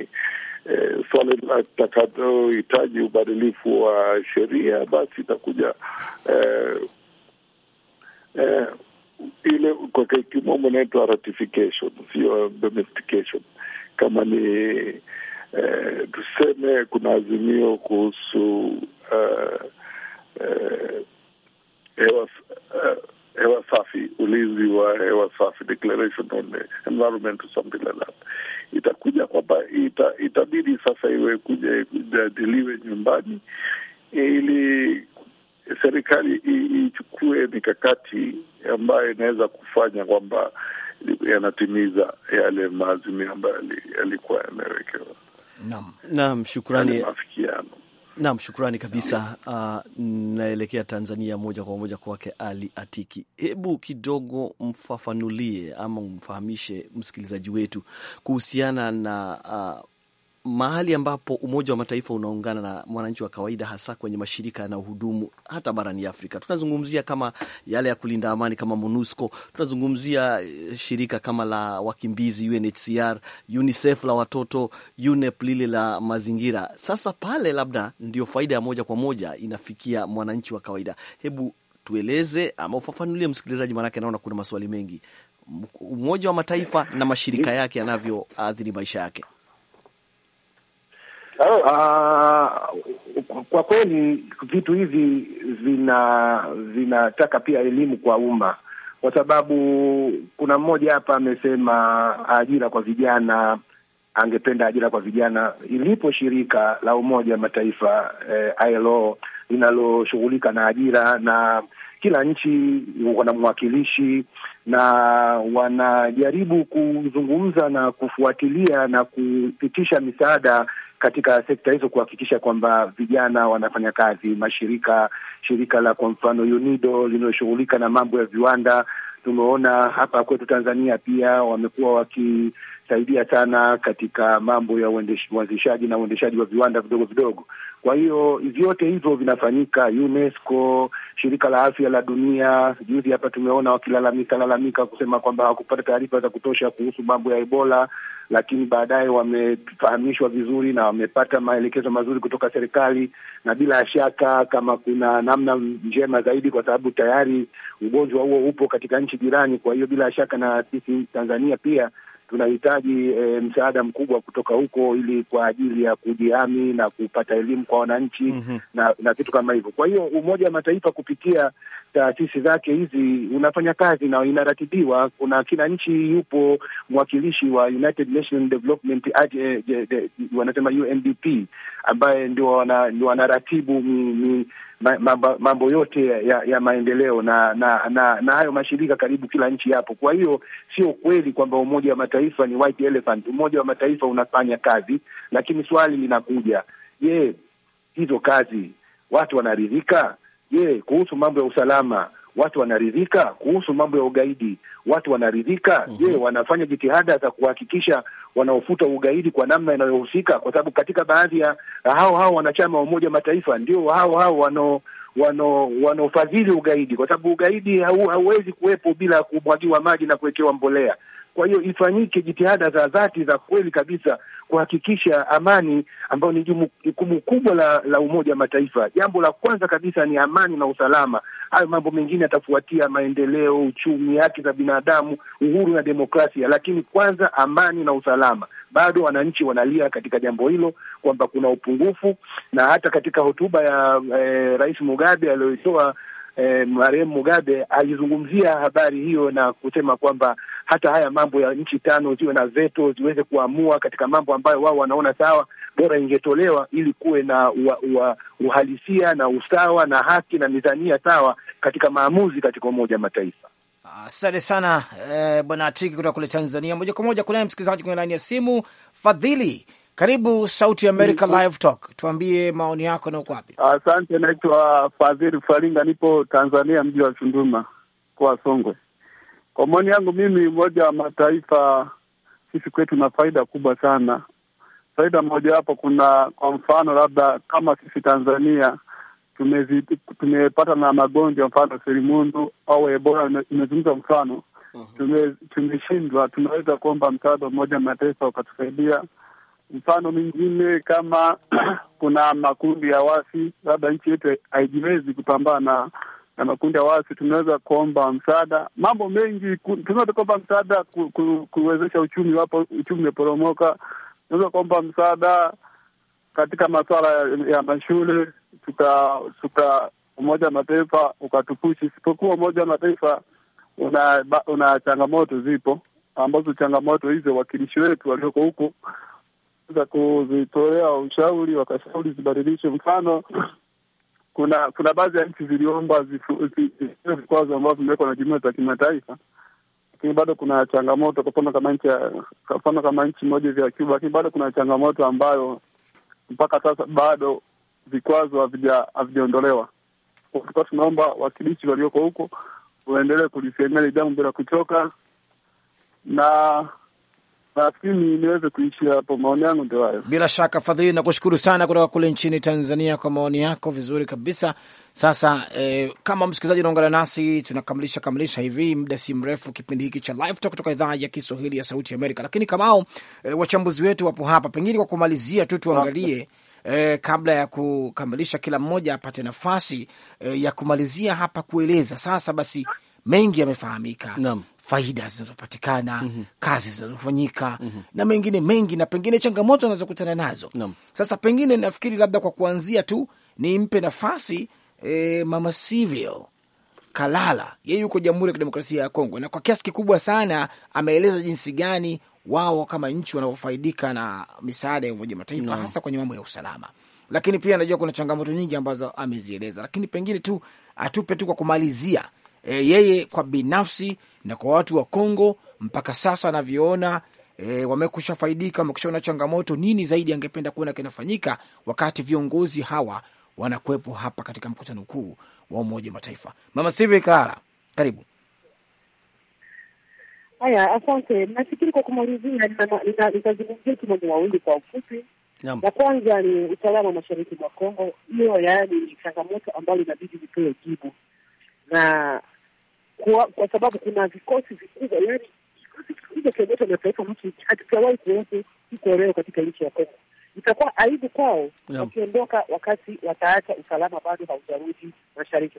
eh, swala litakalohitaji ubadilifu wa sheria basi itakuja eh, eh, ile kwa kimombo inaitwa ratification, sio domestication. Kama ni eh, tuseme kuna azimio kuhusu eh, eh, hewa uh, hewa safi, ulinzi wa hewa safi, declaration on environment or something like that. Itakuja kwamba ita, itabidi sasa iwe kuja ijadiliwe nyumbani ili serikali ichukue mikakati ambayo inaweza kufanya kwamba yanatimiza yale maazimio ambayo yalikuwa yamewekewa. Naam, naam, shukrani, mafikiano Naam, shukrani kabisa. Uh, naelekea Tanzania moja kwa moja kwake Ali Atiki. Hebu kidogo mfafanulie ama umfahamishe msikilizaji wetu kuhusiana na uh, mahali ambapo Umoja wa Mataifa unaungana na mwananchi wa kawaida, hasa kwenye mashirika uhudumu hata barani Afrika. Tunazungumzia kama yale ya kulinda amani kama MONUSCO, tunazungumzia eh, shirika kama la wakimbizi UNHCR, UNICEF la watoto, UNEP lile la mazingira. Sasa pale labda ndio faida ya moja kwa moja inafikia mwananchi wa kawaida. Hebu tueleze ama ufafanulie msikilizaji, maanake naona kuna maswali mengi, Umoja wa Mataifa na mashirika yake yanavyoathiri maisha yake. Uh, kwa kweli vitu hivi vina vinataka pia elimu kwa umma, kwa sababu kuna mmoja hapa amesema ajira kwa vijana, angependa ajira kwa vijana. Ilipo shirika la Umoja wa Mataifa eh, ILO linaloshughulika na ajira na kila nchi wana mwakilishi na wanajaribu kuzungumza na kufuatilia na kupitisha misaada katika sekta hizo kuhakikisha kwamba vijana wanafanya kazi. Mashirika shirika la kwa mfano UNIDO linaloshughulika na mambo ya viwanda, tumeona hapa kwetu Tanzania pia wamekuwa wakisaidia sana katika mambo ya uanzishaji na uendeshaji wa viwanda vidogo vidogo. Kwa hiyo vyote hivyo vinafanyika, UNESCO, shirika la afya la dunia. Juzi hapa tumeona wakilalamika lalamika kusema kwamba hawakupata taarifa za kutosha kuhusu mambo ya Ebola, lakini baadaye wamefahamishwa vizuri na wamepata maelekezo mazuri kutoka serikali, na bila shaka kama kuna namna njema zaidi, kwa sababu tayari ugonjwa huo upo katika nchi jirani. Kwa hiyo bila shaka na sisi Tanzania pia tunahitaji e, msaada mkubwa kutoka huko ili kwa ajili ya kujihami na kupata elimu kwa wananchi mm -hmm. na na vitu kama hivyo. Kwa hiyo Umoja wa Mataifa kupitia taasisi zake hizi unafanya kazi na inaratibiwa. Kuna kila nchi yupo mwakilishi wa United Nations Development eh, wanasema UNDP ambaye ndio wanaratibu mambo, mambo yote ya, ya maendeleo na na, na na hayo mashirika karibu kila nchi yapo. Kwa hiyo sio kweli kwamba Umoja wa Mataifa ni white elephant. Umoja wa Mataifa unafanya kazi, lakini swali linakuja, je, hizo kazi watu wanaridhika? Je, kuhusu mambo ya usalama Watu wanaridhika kuhusu mambo ya ugaidi? Watu wanaridhika? Mhm. Je, mm -hmm. wanafanya jitihada za kuhakikisha wanaofuta ugaidi kwa namna inayohusika? Kwa sababu katika baadhi ya hao hao wanachama wa Umoja Mataifa ndio hao hao wano wano wanaofadhili ugaidi, kwa sababu ugaidi hau, hauwezi kuwepo bila kumwagiwa maji na kuwekewa mbolea. Kwa hiyo ifanyike jitihada za dhati za kweli kabisa kuhakikisha amani ambayo ni jukumu kubwa la, la Umoja wa Mataifa. Jambo la kwanza kabisa ni amani na usalama. Hayo mambo mengine yatafuatia: maendeleo, uchumi, haki za binadamu, uhuru na demokrasia, lakini kwanza amani na usalama. Bado wananchi wanalia katika jambo hilo kwamba kuna upungufu, na hata katika hotuba ya eh, Rais Mugabe aliyoitoa eh, marehemu Mugabe alizungumzia habari hiyo na kusema kwamba hata haya mambo ya nchi tano ziwe na veto, ziweze kuamua katika mambo ambayo wao wanaona sawa, bora ingetolewa ili kuwe na wa, wa, uhalisia na usawa na haki na mizania sawa katika maamuzi katika Umoja wa Mataifa. Asante sana eh, bwana Atiki kutoka kule Tanzania. Moja kwa moja kunaye msikilizaji kwenye laini ya simu. Fadhili, karibu Sauti America Live Talk, tuambie maoni yako na uko wapi? Asante, naitwa Fadhili Faringa, nipo Tanzania, mji wa Tunduma kwa Songwe. Kwa maoni yangu mimi, Umoja wa Mataifa sisi kwetu na faida kubwa sana. Faida mojawapo, kuna kwa mfano, labda kama sisi Tanzania tumepata na magonjwa, mfano selimundu au Ebola imezungumza mfano mhm. tume- tumeshindwa, tunaweza kuomba msaada Umoja Mataifa ukatusaidia. Mfano mwingine kama (clears throat) kuna makundi ya wasi, labda nchi yetu haijiwezi kupambana na na makundi ya wasi, tunaweza kuomba msaada mambo mengi. Tunaweza kuomba msaada ku, ku, kuwezesha uchumi wapo, uchumi umeporomoka. Tunaweza kuomba msaada katika masuala ya, ya mashule, tuka, tuka Umoja wa Mataifa ukatupushi, isipokuwa Umoja wa Mataifa una, una changamoto zipo, ambazo changamoto hizo wakilishi wetu walioko huku za kuzitolea ushauri wakashauri zibadilishe mfano kuna kuna baadhi ya nchi ziliomba vikwazo ambavyo vimewekwa na jumuiya za kimataifa, lakini bado kuna changamoto. Kwa mfano kama nchi kwa mfano kama nchi moja vya Cuba, lakini bado kuna changamoto ambayo mpaka sasa bado vikwazo havijaondolewa. Tulikuwa tunaomba wakilishi walioko huko waendelee kulisemea jambo bila kuchoka na Nafikiri niweze kuishi hapo. Maoni yangu ndio hayo. Bila shaka, Fadhili, nakushukuru sana kutoka kule nchini Tanzania kwa maoni yako, vizuri kabisa. Sasa eh, kama msikilizaji unaungana nasi, tunakamilisha kamilisha hivi muda si mrefu kipindi hiki cha Live Talk kutoka idhaa ya Kiswahili ya Sauti ya Amerika, lakini kamao eh, wachambuzi wetu wapo hapa, pengine kwa kumalizia tu tuangalie eh, kabla ya kukamilisha, kila mmoja apate nafasi eh, ya kumalizia hapa kueleza. Sasa basi mengi yamefahamika, faida zinazopatikana mm -hmm. kazi zinazofanyika mm -hmm. na mengine mengi na pengine changamoto anazokutana nazo no. Sasa pengine nafikiri labda kwa kuanzia tu nimpe nafasi e, Mama Civil Kalala, yeye yuko Jamhuri ya Kidemokrasia ya Kongo na kwa kiasi kikubwa sana ameeleza jinsi gani wao kama nchi wanavyofaidika na misaada ya Umoja Mataifa no. hasa kwenye mambo ya usalama, lakini pia anajua kuna changamoto nyingi ambazo amezieleza, lakini pengine tu atupe tu kwa kumalizia e, yeye kwa binafsi na kwa watu wa Kongo mpaka sasa anavyoona E, wamekusha faidika, wamekushaona changamoto. Nini zaidi angependa kuona kinafanyika wakati viongozi hawa wanakuwepo hapa katika mkutano mkuu wa Umoja wa Mataifa? Mama Silvia karibu. Haya, asante. Nafikiri kwa kumalizia, nitazungumzia tu mambo mawili kwa ufupi. La kwanza ni usalama mashariki mwa Kongo. Hiyo yaani ni changamoto ambayo inabidi vipewe jibu na kwa, kwa sababu kuna vikosi vikubwa, yani kikosi kikubwa kiongoza na taifa mtu hatujawahi kuwepo iko leo katika nchi ya Kongo. Itakuwa aibu kwao wakiondoka, yeah, wakati wataacha usalama bado haujarudi mashariki.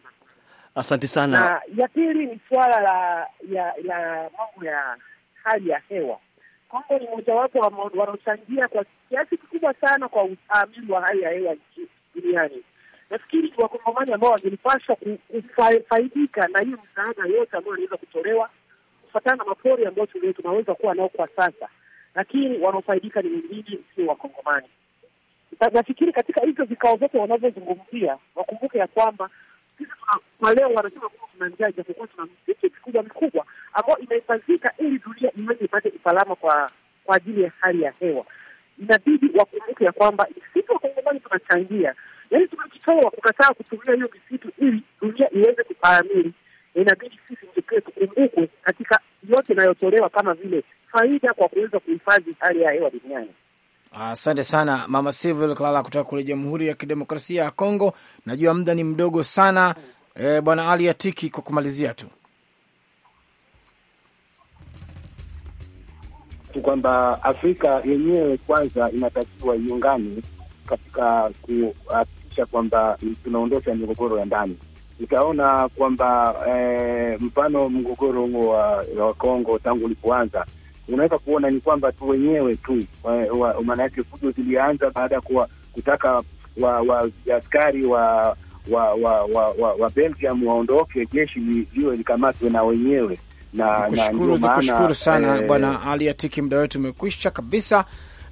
Asante sana. Na ya pili ni suala la ya, ya mambo ya hali ya hewa. Kongo ni mojawapo wanaochangia kwa kiasi kikubwa sana kwa uamili wa hali ya hewa duniani nafikiri wakongomani ambao wangelipaswa kufaidika na hiyo msaada yote ambayo anaweza kutolewa kufatana na mapori ambayo tunaweza kuwa nao kwa sasa, lakini wanaofaidika ni wengine, sio Wakongomani. Nafikiri katika hizo vikao vyote wanavyozungumzia wakumbuke ya kwamba sisi kwa leo wanasema kuwa tuna njaa, japokuwa tuna miche mikubwa mikubwa ambayo imehifadhika ili dunia iweze ipate usalama kwa kwa ajili ya hali ya hewa. Inabidi wakumbuke ya kwamba sisi Wakongomani tunachangia yani tumejitoa kukataa kutumia hiyo misitu ili dunia iweze kupaamili. Inabidi sisi ndio pia tukumbukwe katika yote inayotolewa kama vile faida kwa kuweza kuhifadhi hali ya hewa duniani. Asante ah, sana Mama Sivil klala kutoka kule Jamhuri ya Kidemokrasia ya Kongo. Najua muda ni mdogo sana. e, Bwana Ali Atiki, kwa kumalizia tu tu kwamba Afrika yenyewe kwanza inatakiwa iungane katika kuhakikisha kwamba tunaondosha migogoro ya ndani. Utaona kwamba eh, mfano mgogoro huo wa Kongo tangu ulipoanza unaweza kuona ni kwamba tu wenyewe tu, eh, maana yake fujo zilianza baada ya kutaka askari wa, wa, wa, wa, wa, wa, wa Belgium waondoke, jeshi liwe likamatwe na wenyewe. Na kushukuru sana eh, bwana Ali Atiki, muda wetu umekwisha kabisa.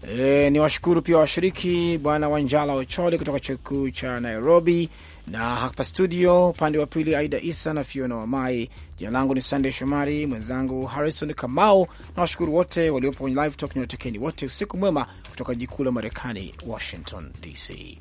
E, ni washukuru pia washiriki Bwana Wanjala Ochole kutoka chuo kikuu cha Nairobi, na hapa studio upande wa pili Aida Isa na Fiona Wamai. Jina langu ni Sandey Shomari, mwenzangu Harrison Kamau, na washukuru wote waliopo kwenye live talk. Niwatekeni wote usiku mwema kutoka jikuu la Marekani, Washington DC.